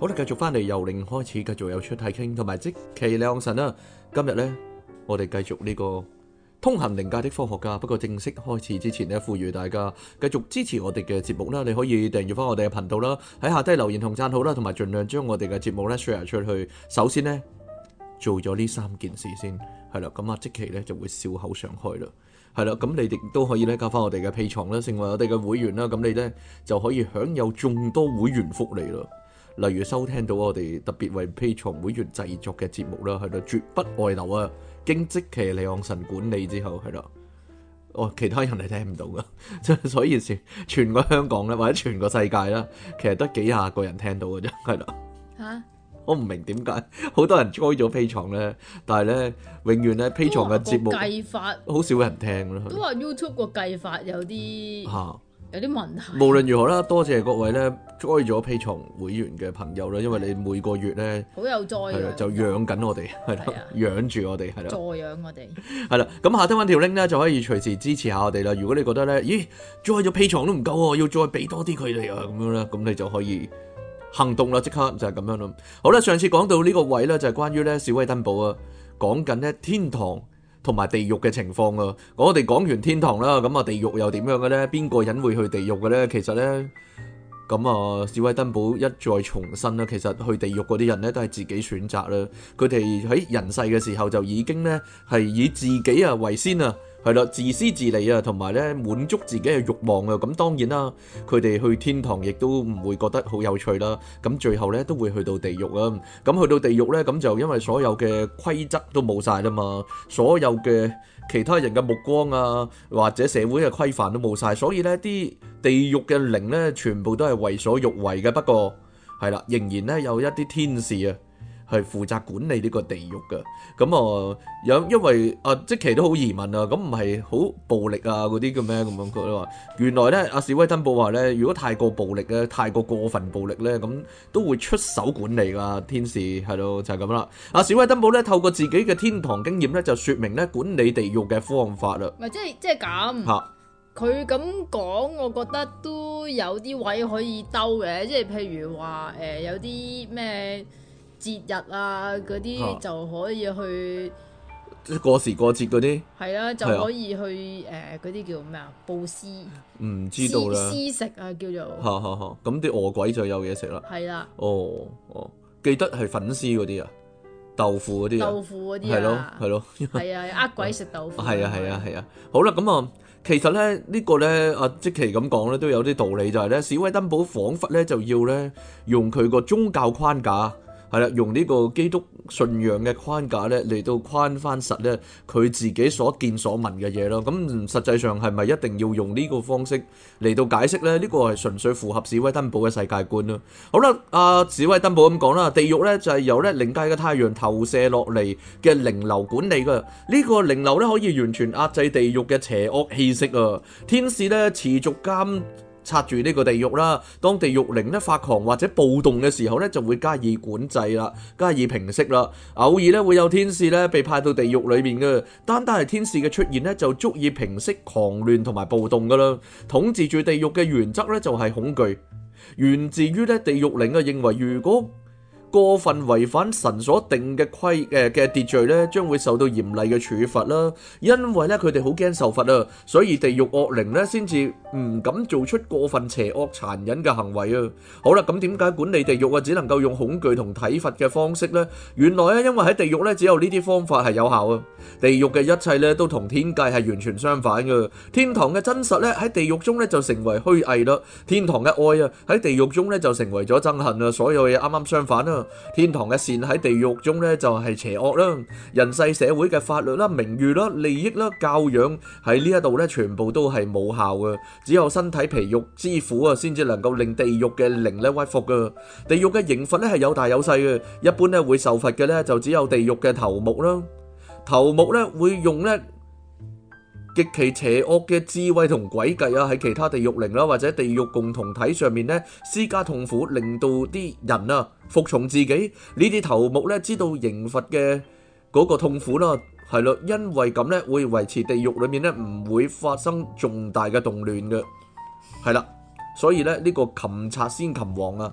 好啦，繼續翻嚟由零開始，繼續有出太傾，同埋即期兩神啦。今日呢，我哋繼續呢個通行靈界的科學家。不過正式開始之前呢，呼籲大家繼續支持我哋嘅節目啦。你可以訂閱翻我哋嘅頻道啦，喺下低留言同讚好啦，同埋盡量將我哋嘅節目呢 share 出去。首先呢，做咗呢三件事先，係啦。咁啊，即期呢就會笑口常開啦。係啦，咁你哋都可以呢教翻我哋嘅屁床啦，成為我哋嘅會員啦。咁你呢，就可以享有眾多會員福利咯。例如收聽到我哋特別為 Patreon 會員製作嘅節目啦，係啦，絕不外流啊！經職期李昂臣管理之後，係啦，哦，其他人係聽唔到噶，即係所以全全個香港咧，或者全個世界啦，其實得幾廿個人聽到嘅啫，係啦。嚇、啊！我唔明點解好多人 join 咗 Patreon 咧，但係咧永遠咧 Patreon 嘅節目計法，好少人聽咯。都話 YouTube 個計法有啲嚇。嗯啊有啲問題。無論如何啦，多謝各位咧 j o i 咗屁牀會員嘅朋友啦，因為你每個月咧，好有 j o i 就養緊我哋，係啦的，的養住我哋，係啦，助養我哋。係啦， 咁下得翻條 link 咧，就可以隨時支持下我哋啦。如果你覺得咧，咦 j o i 咗屁牀都唔夠喎，要再俾多啲佢哋啊咁樣咧，咁你就可以行動啦，即刻就係、是、咁樣咯。好啦，上次講到呢個位咧，就係關於咧小威登堡啊，講緊咧天堂。同埋地獄嘅情況啊！我哋講完天堂啦，咁啊地獄又點樣嘅呢？邊個人會去地獄嘅呢？其實呢，咁啊，史威登堡一再重申啦，其實去地獄嗰啲人呢，都係自己選擇啦。佢哋喺人世嘅時候就已經呢係以自己啊為先啊。係啦，自私自利啊，同埋咧滿足自己嘅慾望啊，咁當然啦，佢哋去天堂亦都唔會覺得好有趣啦。咁最後咧都會去到地獄啊。咁去到地獄咧、啊，咁就因為所有嘅規則都冇晒啦嘛，所有嘅其他人嘅目光啊，或者社會嘅規範都冇晒。所以咧啲地獄嘅靈咧全部都係為所欲為嘅。不過係啦，仍然咧有一啲天使啊。係負責管理呢個地獄嘅，咁啊，有、嗯、因為啊，即其都好疑問啊，咁唔係好暴力啊，嗰啲叫咩，咁樣佢話，原來咧阿、啊、史威登堡話咧，如果太過暴力咧，太過過分暴力咧，咁、嗯、都會出手管理㗎天使，係、嗯、咯，就係咁啦。阿、啊、史威登堡咧透過自己嘅天堂經驗咧，就説明咧管理地獄嘅方法啦。咪即係即係咁嚇佢咁講，我覺得都有啲位可以兜嘅，即係譬如話誒、呃，有啲咩？節日啊，嗰啲就可以去過時過節嗰啲係啊，就可以去誒嗰啲叫咩啊？布施唔知道咧，施食啊，叫做咁啲餓鬼就有嘢食啦，係啦，哦哦，記得係粉絲嗰啲啊，豆腐嗰啲豆腐嗰啲係咯係咯，係啊，呃鬼食豆腐係啊係啊係啊，好啦咁啊，其實咧呢個咧阿即奇咁講咧都有啲道理，就係咧，史威登堡彷彿咧就要咧用佢個宗教框架。係啦，用呢個基督信仰嘅框架咧，嚟到框翻實咧佢自己所見所聞嘅嘢咯。咁、嗯、實際上係咪一定要用呢個方式嚟到解釋咧？呢、這個係純粹符合史威登堡嘅世界觀咯。好啦，阿、啊、史威登堡咁講啦，地獄咧就係、是、由咧靈界嘅太陽投射落嚟嘅靈流管理噶。這個、呢個靈流咧可以完全壓制地獄嘅邪惡氣息啊！天使咧持續監插住呢個地獄啦，當地獄靈咧發狂或者暴動嘅時候咧，就會加以管制啦，加以平息啦。偶爾咧會有天使咧被派到地獄裏面嘅，單單係天使嘅出現咧就足以平息狂亂同埋暴動噶啦。統治住地獄嘅原則咧就係恐懼，源自於咧地獄靈啊認為如果過份違反神所定嘅規誒嘅秩序咧，將會受到嚴厲嘅處罰啦。因為咧佢哋好驚受罰啊，所以地獄惡靈咧先至唔敢做出過份邪惡殘忍嘅行為啊。好啦，咁點解管理地獄啊只能夠用恐懼同體罰嘅方式咧？原來咧因為喺地獄咧只有呢啲方法係有效啊。地獄嘅一切咧都同天界係完全相反噶。天堂嘅真實咧喺地獄中咧就成為虛偽啦。天堂嘅愛啊喺地獄中咧就成為咗憎恨啊。所有嘢啱啱相反啊。天堂嘅善喺地獄中咧就係邪惡啦，人世社會嘅法律啦、名譽啦、利益啦、教養喺呢一度咧全部都係冇效嘅，只有身體皮肉之苦啊，先至能夠令地獄嘅靈咧屈服嘅。地獄嘅刑罰咧係有大有細嘅，一般咧會受罰嘅咧就只有地獄嘅頭目啦，頭目咧會用咧。極其邪惡嘅智慧同詭計啊，喺其他地獄靈啦或者地獄共同體上面咧施加痛苦，令到啲人啊服從自己。呢啲頭目咧知道刑罰嘅嗰個痛苦啦，係咯，因為咁咧會維持地獄裏面咧唔會發生重大嘅動亂嘅，係啦，所以咧呢個擒賊先擒王啊！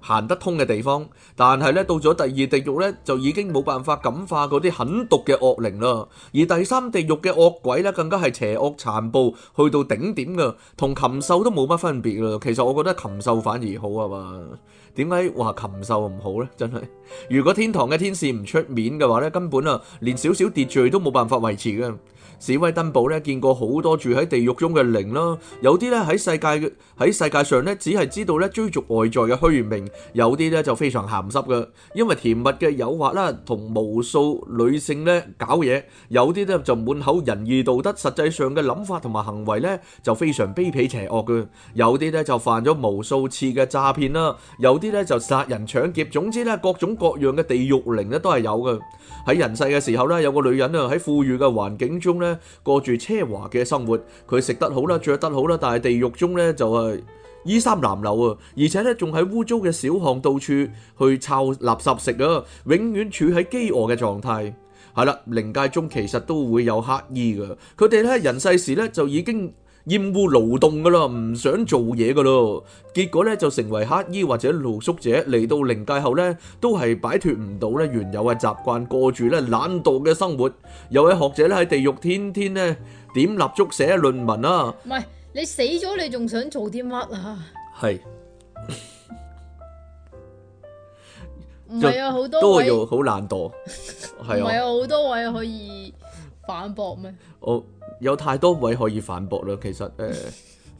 行得通嘅地方，但係咧到咗第二地獄咧，就已經冇辦法感化嗰啲狠毒嘅惡靈啦。而第三地獄嘅惡鬼咧，更加係邪惡殘暴，去到頂點噶，同禽獸都冇乜分別啦。其實我覺得禽獸反而好啊嘛。點解話禽獸唔好咧？真係，如果天堂嘅天使唔出面嘅話咧，根本啊，連少少秩序都冇辦法維持嘅。史威登堡咧，見過好多住喺地獄中嘅靈咯。有啲咧喺世界嘅喺世界上咧，只係知道咧追逐外在嘅虛名；有啲咧就非常鹹濕嘅，因為甜蜜嘅誘惑啦，同無數女性咧搞嘢。有啲咧就滿口仁義道德，實際上嘅諗法同埋行為咧就非常卑鄙邪惡嘅。有啲咧就犯咗無數次嘅詐騙啦，有啲咧就殺人搶劫。總之咧，各種各樣嘅地獄靈咧都係有嘅。喺人世嘅時候咧，有個女人啊喺富裕嘅環境中咧，過住奢華嘅生活，佢食得好啦，着得好啦，但係地獄中咧就係衣衫襤褸啊，而且咧仲喺污糟嘅小巷到處去抄垃圾食啊，永遠處喺飢餓嘅狀態。係啦，靈界中其實都會有乞兒噶，佢哋咧人世時咧就已經。厭惡勞動噶啦，唔想做嘢噶咯，結果咧就成為乞兒或者露宿者。嚟到靈界後咧，都係擺脫唔到咧原有嘅習慣，過住咧懶惰嘅生活。有位學者咧喺地獄天天咧點蠟燭寫論文啊。唔係，你死咗，你仲想做啲乜啊？係唔係啊？好多位好懶惰，係唔係啊？好多位可以反駁咩？我。有太多位可以反駁啦，其實誒呢、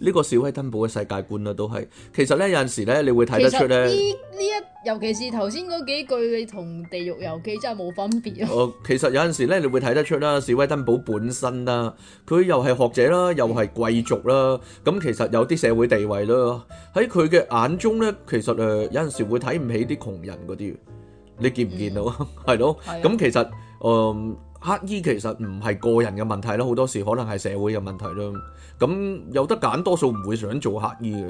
呃、 個史威登堡嘅世界觀啦，都係其實咧有陣時咧，你會睇得出咧呢呢一，尤其是頭先嗰幾句，你同《地獄遊記》真係冇分別啊！哦、呃，其實有陣時咧，你會睇得出啦，史威登堡本身啦，佢又係學者啦，又係貴族啦，咁其實有啲社會地位啦，喺佢嘅眼中咧，其實誒有陣時會睇唔起啲窮人嗰啲，你見唔見到？係咯，咁其實嗯。乞衣其實唔係個人嘅問題啦，好多時可能係社會嘅問題啦。咁有得揀，多數唔會想做乞衣嘅。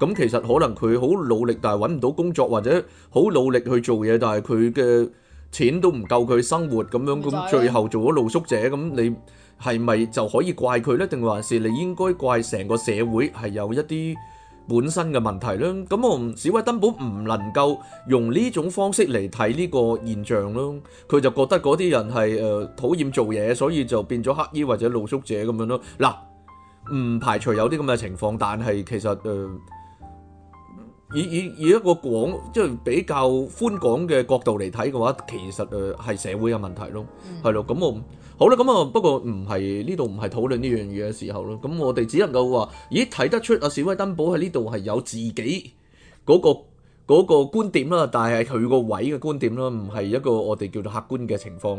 咁其實可能佢好努力，但係揾唔到工作，或者好努力去做嘢，但係佢嘅錢都唔夠佢生活咁樣。咁最後做咗露宿者，咁你係咪就可以怪佢呢？定還是你應該怪成個社會係有一啲本身嘅問題咯，咁我唔史威登堡根本唔能夠用呢種方式嚟睇呢個現象咯。佢就覺得嗰啲人係誒、呃、討厭做嘢，所以就變咗乞兒或者露宿者咁樣咯。嗱，唔排除有啲咁嘅情況，但係其實誒。呃以以以一個廣即係比較寬廣嘅角度嚟睇嘅話，其實誒係社會嘅問題咯，係咯，咁我好啦，咁啊不過唔係呢度唔係討論呢樣嘢嘅時候咯，咁我哋只能夠話，咦睇得出啊示威登堡喺呢度係有自己嗰個嗰個觀點啦，但係佢個位嘅觀點啦，唔係一個我哋叫做客觀嘅情況。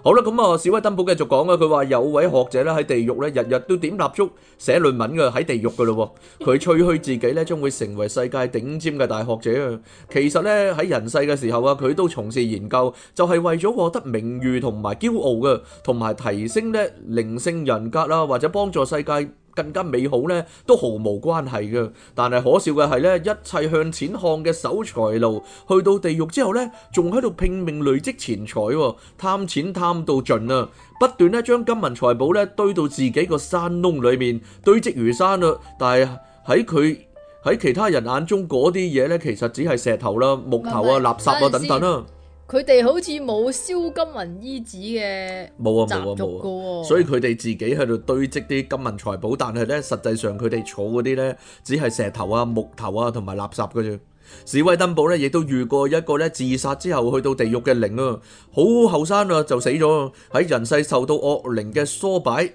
好啦，咁啊，史威登堡繼續講啊，佢話有位學者咧喺地獄咧，日日都點蠟燭寫論文噶，喺地獄噶咯，佢吹噓自己咧將會成為世界頂尖嘅大學者啊。其實咧喺人世嘅時候啊，佢都從事研究，就係、是、為咗獲得名譽同埋驕傲嘅，同埋提升咧靈性人格啊，或者幫助世界更加美好呢都毫無關係嘅。但係可笑嘅係呢，一切向錢看嘅守財奴，去到地獄之後呢，仲喺度拼命累積錢財，貪錢貪到盡啊！不斷咧將金銀財寶呢堆到自己個山窿裏面，堆積如山啦、啊。但係喺佢喺其他人眼中，嗰啲嘢呢，其實只係石頭啦、啊、木頭啊、不不垃圾啊等等啦、啊。佢哋好似冇燒金銀衣紙嘅，冇啊，冇啊，冇啊。所以佢哋自己喺度堆積啲金銀財寶，但係咧實際上佢哋儲嗰啲咧只係石頭啊、木頭啊同埋垃圾嘅啫。史威登堡咧亦都遇過一個咧自殺之後去到地獄嘅靈啊，好後生啊就死咗，喺人世受到惡靈嘅梳擺。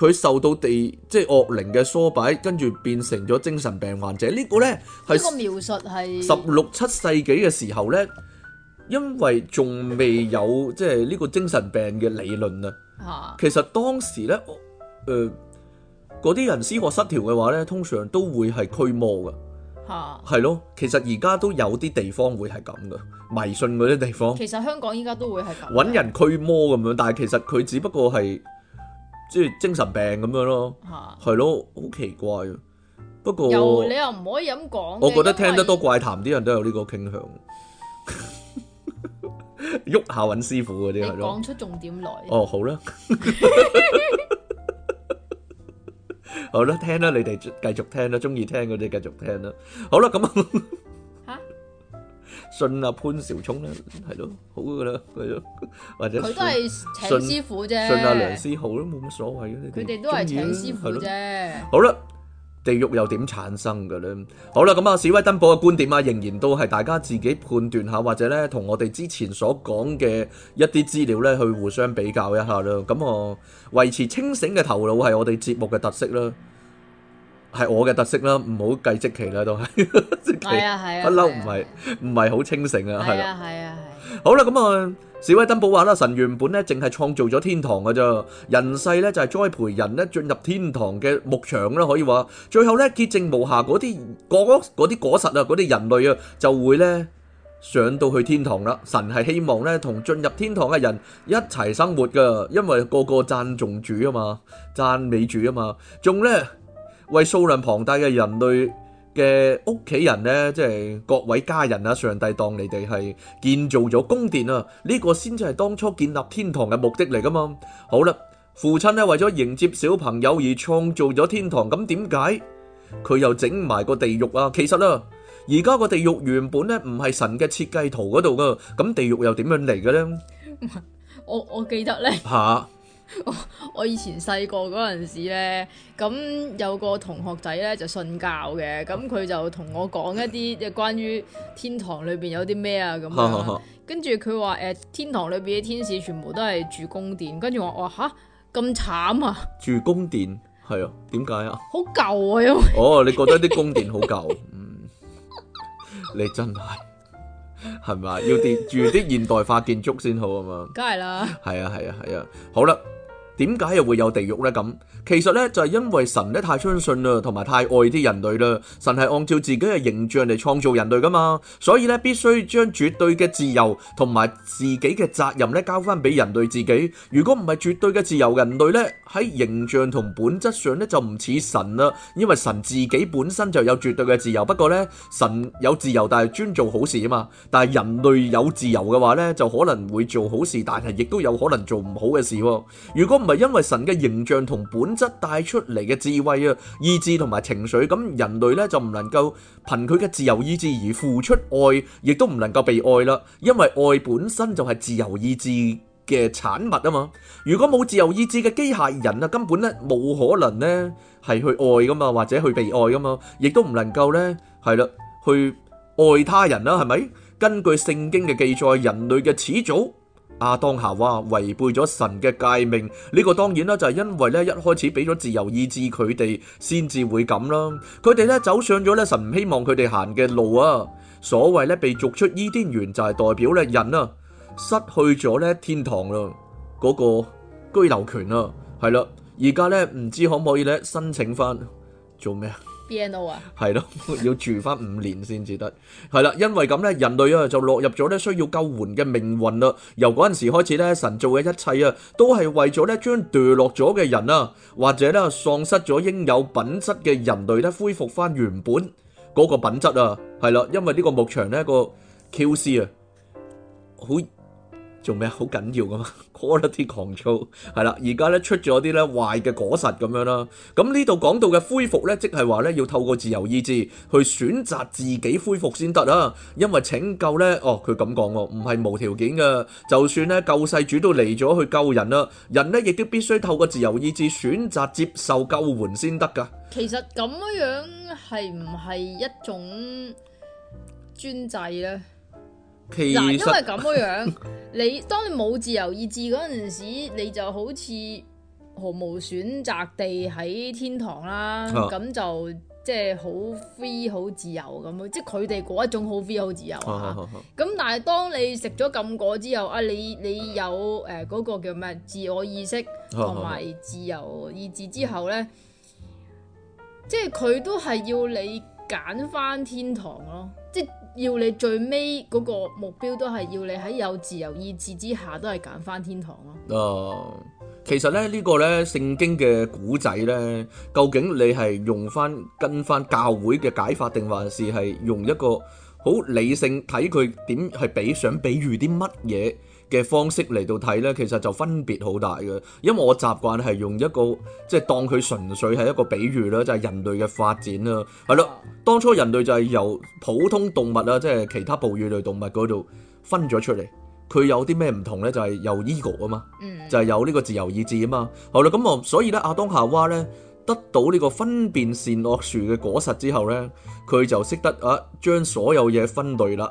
佢受到地即係惡靈嘅梳擺，跟住變成咗精神病患者。這個、呢個咧係十六七世紀嘅時候呢，因為仲未有即係呢個精神病嘅理論啊。嚇！其實當時呢，呃嗰啲人思覺失調嘅話呢，通常都會係驅魔噶。嚇！係咯，其實而家都有啲地方會係咁噶，迷信嗰啲地方。其實香港依家都會係咁揾人驅魔咁樣，但係其實佢只不過係。即係精神病咁樣咯，係咯，啊，好奇怪啊！不過又你又唔可以咁講。我覺得聽得多怪談啲人都有呢個傾向，喐為 下揾師傅嗰啲係咯。講出重點來。哦，好啦， 好啦，聽啦，你哋繼續聽啦，中意聽嗰啲繼續聽啦。好啦，咁信啊潘兆聰咧，係咯，好噶啦，或者佢都係請師傅啫。信阿梁思浩都冇乜所謂嘅。佢哋都係請師傅啫。好啦，地獄又點產生嘅咧？好啦，咁啊，史威登堡嘅觀點啊，仍然都係大家自己判斷下，或者咧同我哋之前所講嘅一啲資料咧去互相比較一下咯。咁我維持清醒嘅頭腦係我哋節目嘅特色啦。係我嘅特色啦，唔好計積期啦，都 係奇，啊啊、不嬲唔係唔係好清醒啊，係啦，係啊係。好啦，咁啊，啊啊小威登堡話啦，神原本咧淨係創造咗天堂噶咋，人世咧就係、是、栽培人咧進入天堂嘅牧場啦，可以話，最後咧潔淨無瑕嗰啲果嗰啲果實啊，嗰啲人類啊，就會咧上到去天堂啦。神係希望咧同進入天堂嘅人一齊生活噶，因為個個讚頌主啊嘛，讚美主啊嘛，仲咧。為數量龐大嘅人類嘅屋企人咧，即係各位家人啊，上帝當你哋係建造咗宮殿啊，呢個先至係當初建立天堂嘅目的嚟噶嘛。好啦，父親咧為咗迎接小朋友而創造咗天堂，咁點解佢又整埋個地獄啊？其實啦，而家個地獄原本咧唔係神嘅設計圖嗰度噶，咁地獄又點樣嚟嘅咧？我我記得咧吓。我以前細個嗰陣時咧，咁有個同學仔咧就信教嘅，咁佢就同我講一啲就關於天堂裏邊有啲咩啊咁跟住佢話誒，天堂裏邊嘅天使全部都係住宮殿，跟住我話哇吓咁慘啊，住宮殿係啊，點解啊？好舊啊又。因為哦，你覺得啲宮殿好舊？ 嗯，你真係係咪？要住啲現代化建築先好啊嘛？梗係啦。係啊係啊係啊,啊，好啦。好點解又會有地獄咧？咁。其實咧就係因為神咧太相信啦，同埋太愛啲人類啦。神係按照自己嘅形象嚟創造人類噶嘛，所以咧必須將絕對嘅自由同埋自己嘅責任咧交翻俾人類自己。如果唔係絕對嘅自由，人類咧喺形象同本質上咧就唔似神啦。因為神自己本身就有絕對嘅自由，不過咧神有自由但係專做好事啊嘛。但係人類有自由嘅話咧，就可能會做好事，但係亦都有可能做唔好嘅事。如果唔係因為神嘅形象同本，本質帶出嚟嘅智慧啊、意志同埋情緒，咁人類呢就唔能夠憑佢嘅自由意志而付出愛，亦都唔能夠被愛啦。因為愛本身就係自由意志嘅產物啊嘛。如果冇自由意志嘅機械人啊，根本呢冇可能呢係去愛噶嘛，或者去被愛噶嘛，亦都唔能夠呢係啦去愛他人啦，係咪？根據聖經嘅記載，人類嘅始祖。亞當夏娃違背咗神嘅誡命，呢個當然啦，就係因為咧一開始俾咗自由意志佢哋，先至會咁啦。佢哋咧走上咗咧神唔希望佢哋行嘅路啊。所謂咧被逐出伊甸園就係代表咧人啊失去咗咧天堂啦，嗰個居留權啊，係啦。而家咧唔知可唔可以咧申請翻做咩？BNO 啊，係咯，要住翻五年先至得，係啦，因為咁咧，人類啊就落入咗咧需要救援嘅命運啦。由嗰陣時開始咧，神做嘅一切啊，都係為咗咧將墮落咗嘅人啊，或者咧喪失咗應有品質嘅人類咧，恢復翻原本嗰個品質啊，係啦，因為呢個牧場咧個 QC 啊，好。做咩好緊要噶嘛？quality control，係啦，而家咧出咗啲咧壞嘅果實咁樣啦。咁呢度講到嘅恢復咧，即係話咧要透過自由意志去選擇自己恢復先得啦。因為拯救咧，哦，佢咁講喎，唔係無條件嘅。就算咧救世主都嚟咗去救人啦，人咧亦都必須透過自由意志選擇接受救援先得噶。其實咁樣係唔係一種專制咧？嗱，其因為咁樣， 你當你冇自由意志嗰陣時，你就好似毫無選擇地喺天堂啦，咁、哦、就即係好 free 好自由咁，即係佢哋嗰一種好 free 好自由吓。咁、哦哦哦、但係當你食咗禁果之後，啊，你你有誒嗰個叫咩自我意識同埋自由意志之後咧、哦哦哦，即係佢都係要你揀翻天堂咯，即要你最尾嗰個目標都係要你喺有自由意志之下都係揀翻天堂咯，啊。誒，呃，其實咧呢，這個咧聖經嘅古仔咧，究竟你係用翻跟翻教會嘅解法定還是係用一個好理性睇佢點係比想比喻啲乜嘢？嘅方式嚟到睇呢，其實就分別好大嘅，因為我習慣係用一個即係當佢純粹係一個比喻啦，就係、是、人類嘅發展啦，係啦，當初人類就係由普通動物啊，即係其他哺乳類動物嗰度分咗出嚟，佢有啲咩唔同呢？就係、是、有 ego 啊嘛，mm hmm. 就係有呢個自由意志啊嘛，好啦，咁我所以呢，亞當夏娃呢，得到呢個分辨善惡樹嘅果實之後呢，佢就識得啊將所有嘢分類啦。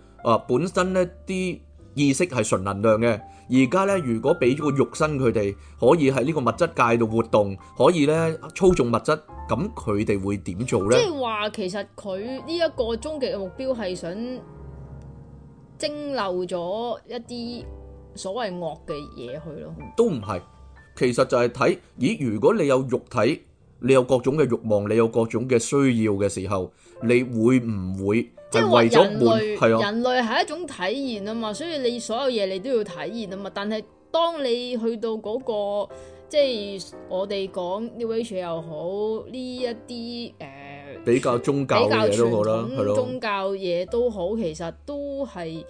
啊！本身呢啲意識係純能量嘅，而家呢，如果俾咗個肉身佢哋可以喺呢個物質界度活動，可以呢，操縱物質，咁佢哋會點做呢？即係話其實佢呢一個終極嘅目標係想蒸餾咗一啲所謂惡嘅嘢去咯。都唔係，其實就係睇咦，如果你有肉體，你有各種嘅慾望，你有各種嘅需要嘅時候，你會唔會？即係為人類，啊、人類係一種體驗啊嘛，所以你所有嘢你都要體驗啊嘛。但係當你去到嗰、嗰個，即係我哋講 New Age 又好，呢一啲誒、呃、比較宗教嘢都好，宗教嘢都好，啊、其實都係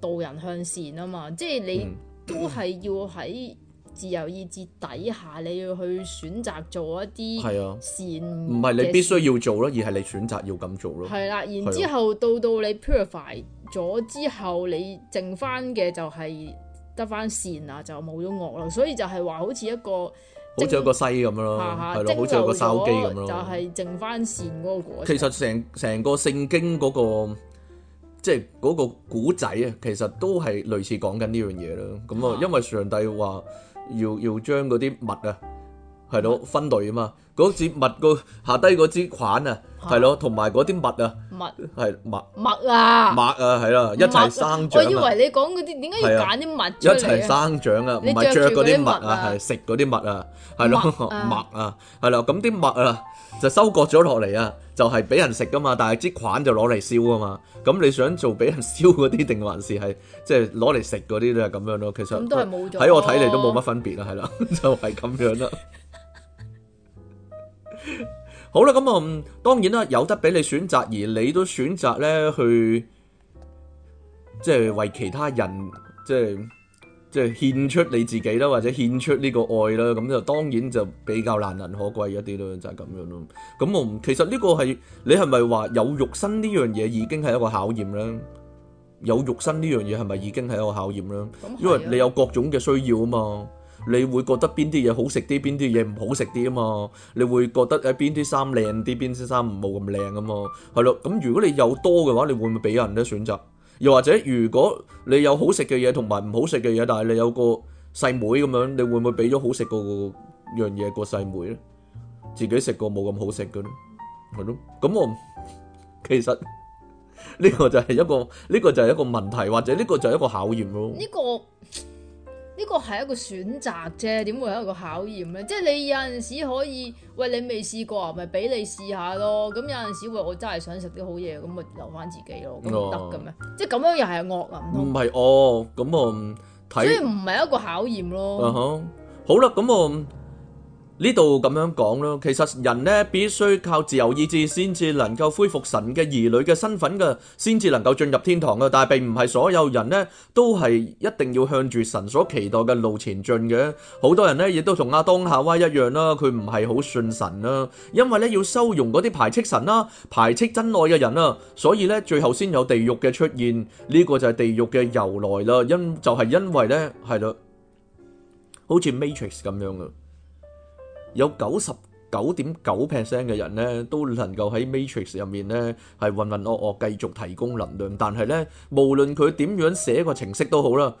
導人向善啊嘛。即係你都係要喺嗯嗯自由意志底下，你要去選擇做一啲係啊，善，唔係你必須要做咯，而係你選擇要咁做咯。係啦、啊，然之後到、啊、到你 purify 咗之後，你剩翻嘅就係得翻善啊，就冇咗惡啦。所以就係話好似一個好似一個西咁樣咯，係咯、啊，好似一個筲箕咁樣咯。就係剩翻善嗰個果。其實成成個聖經嗰、嗰個即係嗰個古仔啊，其實都係類似講緊呢樣嘢啦。咁啊，因為上帝話。要要將嗰啲物啊，係咯，分類啊嘛，嗰支物個下低嗰支款啊，係咯，同埋嗰啲物啊。麥係麥麥啊麥啊係啦、啊、一齊生長、啊。我以為你講嗰啲點解要揀啲麥一齊生長啊，唔係着嗰啲麥啊，係食嗰啲麥啊，係咯麥啊，係啦咁啲麥啊，啊，啊，啊，啊就收割咗落嚟啊，就係、是、俾人食噶嘛，但係支菌就攞嚟燒噶嘛。咁你想做俾人燒嗰啲，定還是係即係攞嚟食嗰啲咧？咁、就是就是、樣咯、啊，其實咁都係冇錯，喺我睇嚟都冇乜分別啦，係啦，就係、是、咁樣啦。 好啦，咁、嗯、啊，當然啦，有得俾你選擇，而你都選擇咧去，即係為其他人，即係即係獻出你自己啦，或者獻出呢個愛啦，咁、嗯、就當然就比較難能可貴一啲咯，就係、是、咁樣咯。咁我唔，其實呢個係你係咪話有肉身呢樣嘢已經係一個考驗咧？有肉身呢樣嘢係咪已經係一個考驗咧？因為你有各種嘅需要啊嘛。你會覺得邊啲嘢好食啲，邊啲嘢唔好食啲啊嘛？你會覺得誒邊啲衫靚啲，邊啲衫冇咁靚啊嘛？係咯？咁如果你有多嘅話，你會唔會俾人哋選擇？又或者如果你有好食嘅嘢同埋唔好食嘅嘢，但係你有個細妹咁樣，你會唔會俾咗好食個樣嘢個細妹咧？自己食過冇咁好食嘅咧？係咯？咁我其實呢個就係一個呢個就係一個問題，或者呢個就係一個考驗咯。呢個。呢個係一個選擇啫，點會係一個考驗咧？即係你有陣時可以喂你未試過啊，咪俾你試下咯。咁有陣時喂我真係想食啲好嘢，咁咪留翻自己咯，咁得嘅咩？即係咁樣又係惡啊？唔係哦，咁啊睇，哦嗯、所以唔係一個考驗咯。Uh huh. 好啦，咁、嗯、啊。呢度咁樣講咯，其實人咧必須靠自由意志先至能夠恢復神嘅兒女嘅身份嘅，先至能夠進入天堂嘅。但係並唔係所有人咧都係一定要向住神所期待嘅路前進嘅。好多人咧亦都同阿當夏娃一樣啦，佢唔係好信神啦，因為咧要收容嗰啲排斥神啦、排斥真愛嘅人啊，所以咧最後先有地獄嘅出現。呢個就係地獄嘅由來啦，因就係因為咧係咯，好似 Matrix 咁樣嘅。有九十九點九 percent 嘅人咧，都能夠喺 Matrix 入面咧，係混混噩噩繼續提供能量。但係咧，無論佢點樣寫個程式都好啦，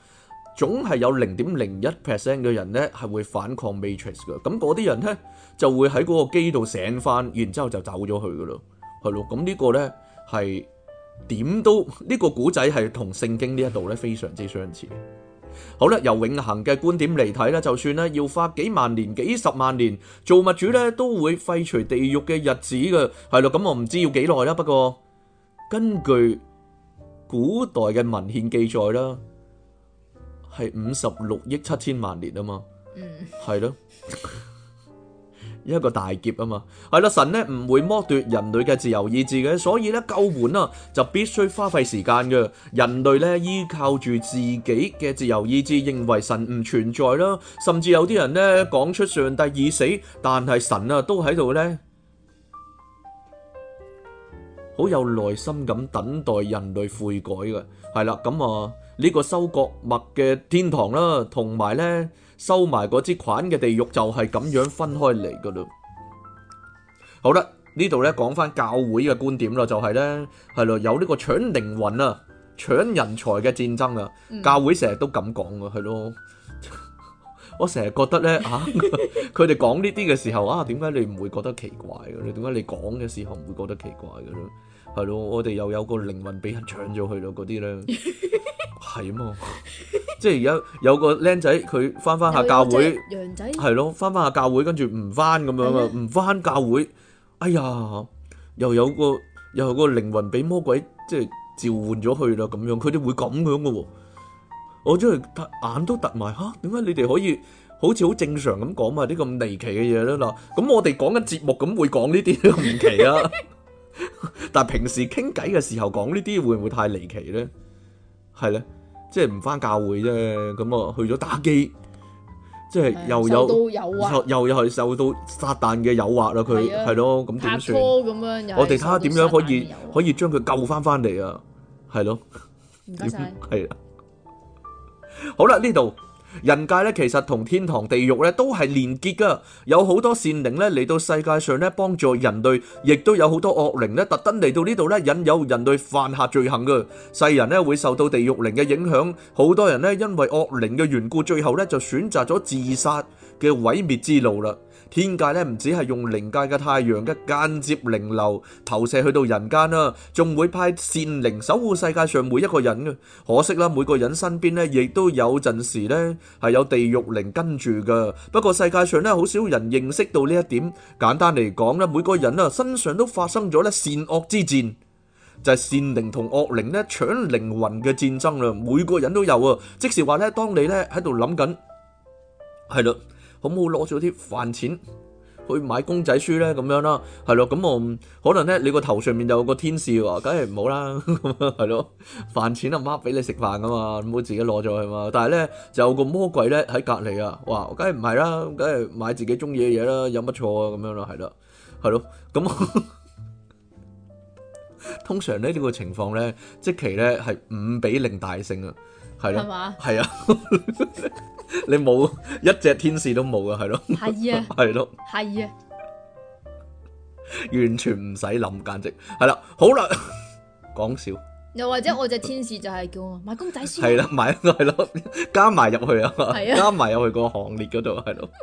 總係有零點零一 percent 嘅人咧係會反抗 Matrix 嘅。咁嗰啲人咧就會喺嗰個機度醒返，然之後就走咗去噶咯，係咯。咁呢個咧係點都呢個古仔係同聖經呢一度咧非常之相似。好啦，由永恒嘅觀點嚟睇咧，就算咧要花幾萬年、幾十萬年做物主咧，都會廢除地獄嘅日子嘅，係咯？咁我唔知要幾耐啦。不過根據古代嘅文獻記載啦，係五十六億七千萬年啊嘛，嗯，係咯。一個大劫啊嘛，係啦，神咧唔會剝奪人類嘅自由意志嘅，所以咧救援，啊就必須花費時間嘅。人類咧依靠住自己嘅自由意志，認為神唔存在啦，甚至有啲人咧講出上帝已死，但係神啊都喺度咧，好有耐心咁等待人類悔改嘅。係啦，咁啊呢個收割麥嘅天堂啦，同埋咧。收埋嗰支菌嘅地獄就係咁樣分開嚟噶咯。好啦，呢度咧講翻教會嘅觀點啦，就係、是、咧，係咯，有呢個搶靈魂啊、搶人才嘅戰爭啊，教會成日都咁講噶，係咯。我成日覺得咧，啊，佢哋講呢啲嘅時候啊，點解你唔會覺得奇怪嘅？你點解你講嘅時候唔會覺得奇怪嘅咧？係咯，我哋又有個靈魂俾人搶咗去咯，嗰啲咧係啊嘛，即係而家有個僆仔，佢翻翻下教會，僆仔係咯，翻翻下教會，跟住唔翻咁樣啊，唔翻教會，哎呀，又有個又有個靈魂俾魔鬼即係召喚咗去啦，咁樣佢哋會咁樣噶喎，我真係突眼都突埋，吓點解你哋可以好似好正常咁講埋啲咁離奇嘅嘢咧嗱？咁我哋講緊節目咁會講呢啲都唔奇啊。 但係平時傾偈嘅時候講呢啲會唔會太離奇咧？係咧，即係唔翻教會啫，咁啊去咗打機，即係又有又又係受到撒旦嘅誘惑啦，佢係咯，咁點算？咁樣，我哋睇下點樣可以可以將佢救翻翻嚟啊？係咯，唔該晒，係啦，好啦，呢度。人界咧，其實同天堂、地獄咧都係連結㗎。有好多善靈咧嚟到世界上咧幫助人類，亦都有好多惡靈咧特登嚟到呢度咧引誘人類犯下罪行㗎。世人咧會受到地獄靈嘅影響，好多人咧因為惡靈嘅緣故，最後咧就選擇咗自殺嘅毀滅之路啦。天界咧唔止係用靈界嘅太陽嘅間接靈流投射去到人間啦，仲會派善靈守護世界上每一個人嘅。可惜啦，每個人身邊咧亦都有陣時咧，係有地獄靈跟住㗎。不過世界上咧好少人認識到呢一點。簡單嚟講咧，每個人啊身上都發生咗咧善惡之戰，就係善靈同惡靈咧搶靈魂嘅戰爭啦。每個人都有啊，即時話咧，當你咧喺度諗緊，係咯。好唔好攞咗啲飯錢去買公仔書咧咁樣啦？係咯，咁、嗯、我可能咧你個頭上面就有個天使喎，梗係唔好啦，係咯，飯錢阿媽俾你食飯噶嘛，唔好自己攞咗去嘛。但係咧就有個魔鬼咧喺隔離啊，哇，梗係唔係啦，梗係買自己中意嘅嘢啦，有乜錯啊咁樣咯，係啦，係咯，咁通常呢，呢、這個情況咧，即期咧係五比零大勝啊，係咯，係啊吧。 你冇一隻天使都冇噶，係咯？係啊，係咯，係啊，完全唔使諗，簡直係啦，好啦，講笑。又或者我隻天使就係叫我買公仔書，係啦，買係咯，加埋入去啊，的加埋入去嗰行列嗰度係咯。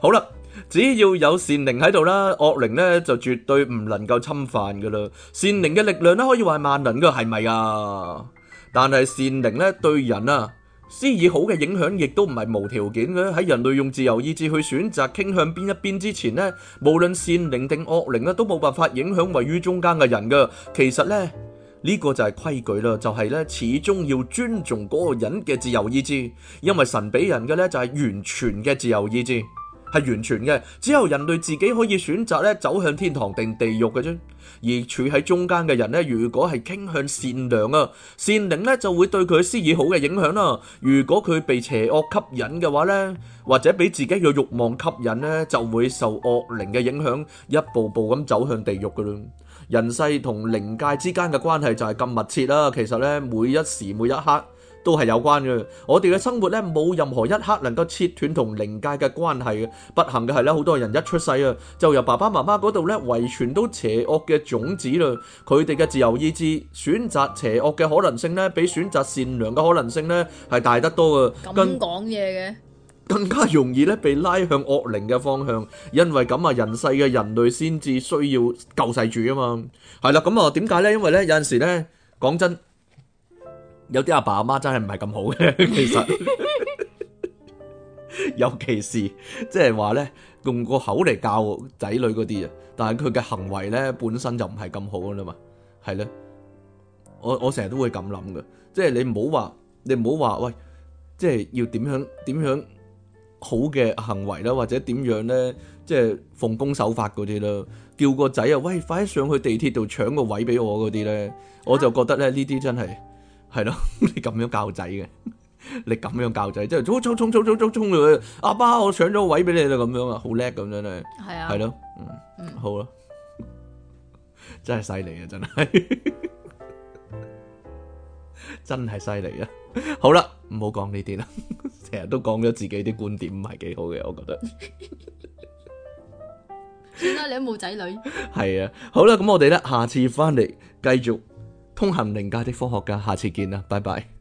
好啦，只要有善靈喺度啦，惡靈咧就絕對唔能夠侵犯噶啦。善靈嘅力量咧可以話係萬能噶，係咪啊？但係善靈咧對人啊。施以好嘅影響，亦都唔係無條件嘅。喺人類用自由意志去選擇傾向邊一邊之前呢，無論善靈定惡靈咧，都冇辦法影響位於中間嘅人噶。其實呢，呢、這個就係規矩啦，就係、是、咧始終要尊重嗰個人嘅自由意志，因為神俾人嘅咧就係完全嘅自由意志，係完全嘅，只有人類自己可以選擇咧走向天堂定地獄嘅啫。而處喺中間嘅人呢，如果係傾向善良啊，善靈呢就會對佢施以好嘅影響啦。如果佢被邪惡吸引嘅話呢，或者俾自己嘅慾望吸引呢，就會受惡靈嘅影響，一步步咁走向地獄噶啦。人世同靈界之間嘅關係就係咁密切啦。其實呢，每一時每一刻，都係有關嘅，我哋嘅生活咧冇任何一刻能夠切斷同靈界嘅關係嘅。不幸嘅係咧，好多人一出世啊，就由爸爸媽媽嗰度咧遺傳到邪惡嘅種子啦。佢哋嘅自由意志選擇邪惡嘅可能性咧，比選擇善良嘅可能性咧係大得多啊！咁講嘢嘅更加容易咧，被拉向惡靈嘅方向，因為咁啊，人世嘅人類先至需要救世主啊嘛。係啦，咁啊，點解咧？因為咧，有陣時咧，講真。有啲阿爸阿媽真係唔係咁好嘅，其實 尤其是即係話咧，用個口嚟教仔女嗰啲啊。但係佢嘅行為咧本身就唔係咁好噶啦嘛，係咧。我我成日都會咁諗嘅，即係你唔好話你唔好話，喂，即係要點樣點樣好嘅行為啦，或者點樣咧，即係奉公守法嗰啲啦，叫個仔啊，喂，快啲上去地鐵度搶個位俾我嗰啲咧，我就覺得咧呢啲真係。係咯，你咁樣教仔嘅，你咁樣教仔，即係沖沖沖沖沖沖沖佢，阿爸，爸我搶咗位俾你啦。咁樣啊，好叻咁樣啊。係啊，係咯，嗯，嗯好啦，真係犀利啊，真係， 真係犀利啊，好啦，唔好講呢啲啦，成日都講咗自己啲觀點唔係幾好嘅，我覺得，算啦，你都冇仔女，係啊，好啦，咁我哋咧下次翻嚟繼續。通行靈界的科學家，下次見喇，拜拜。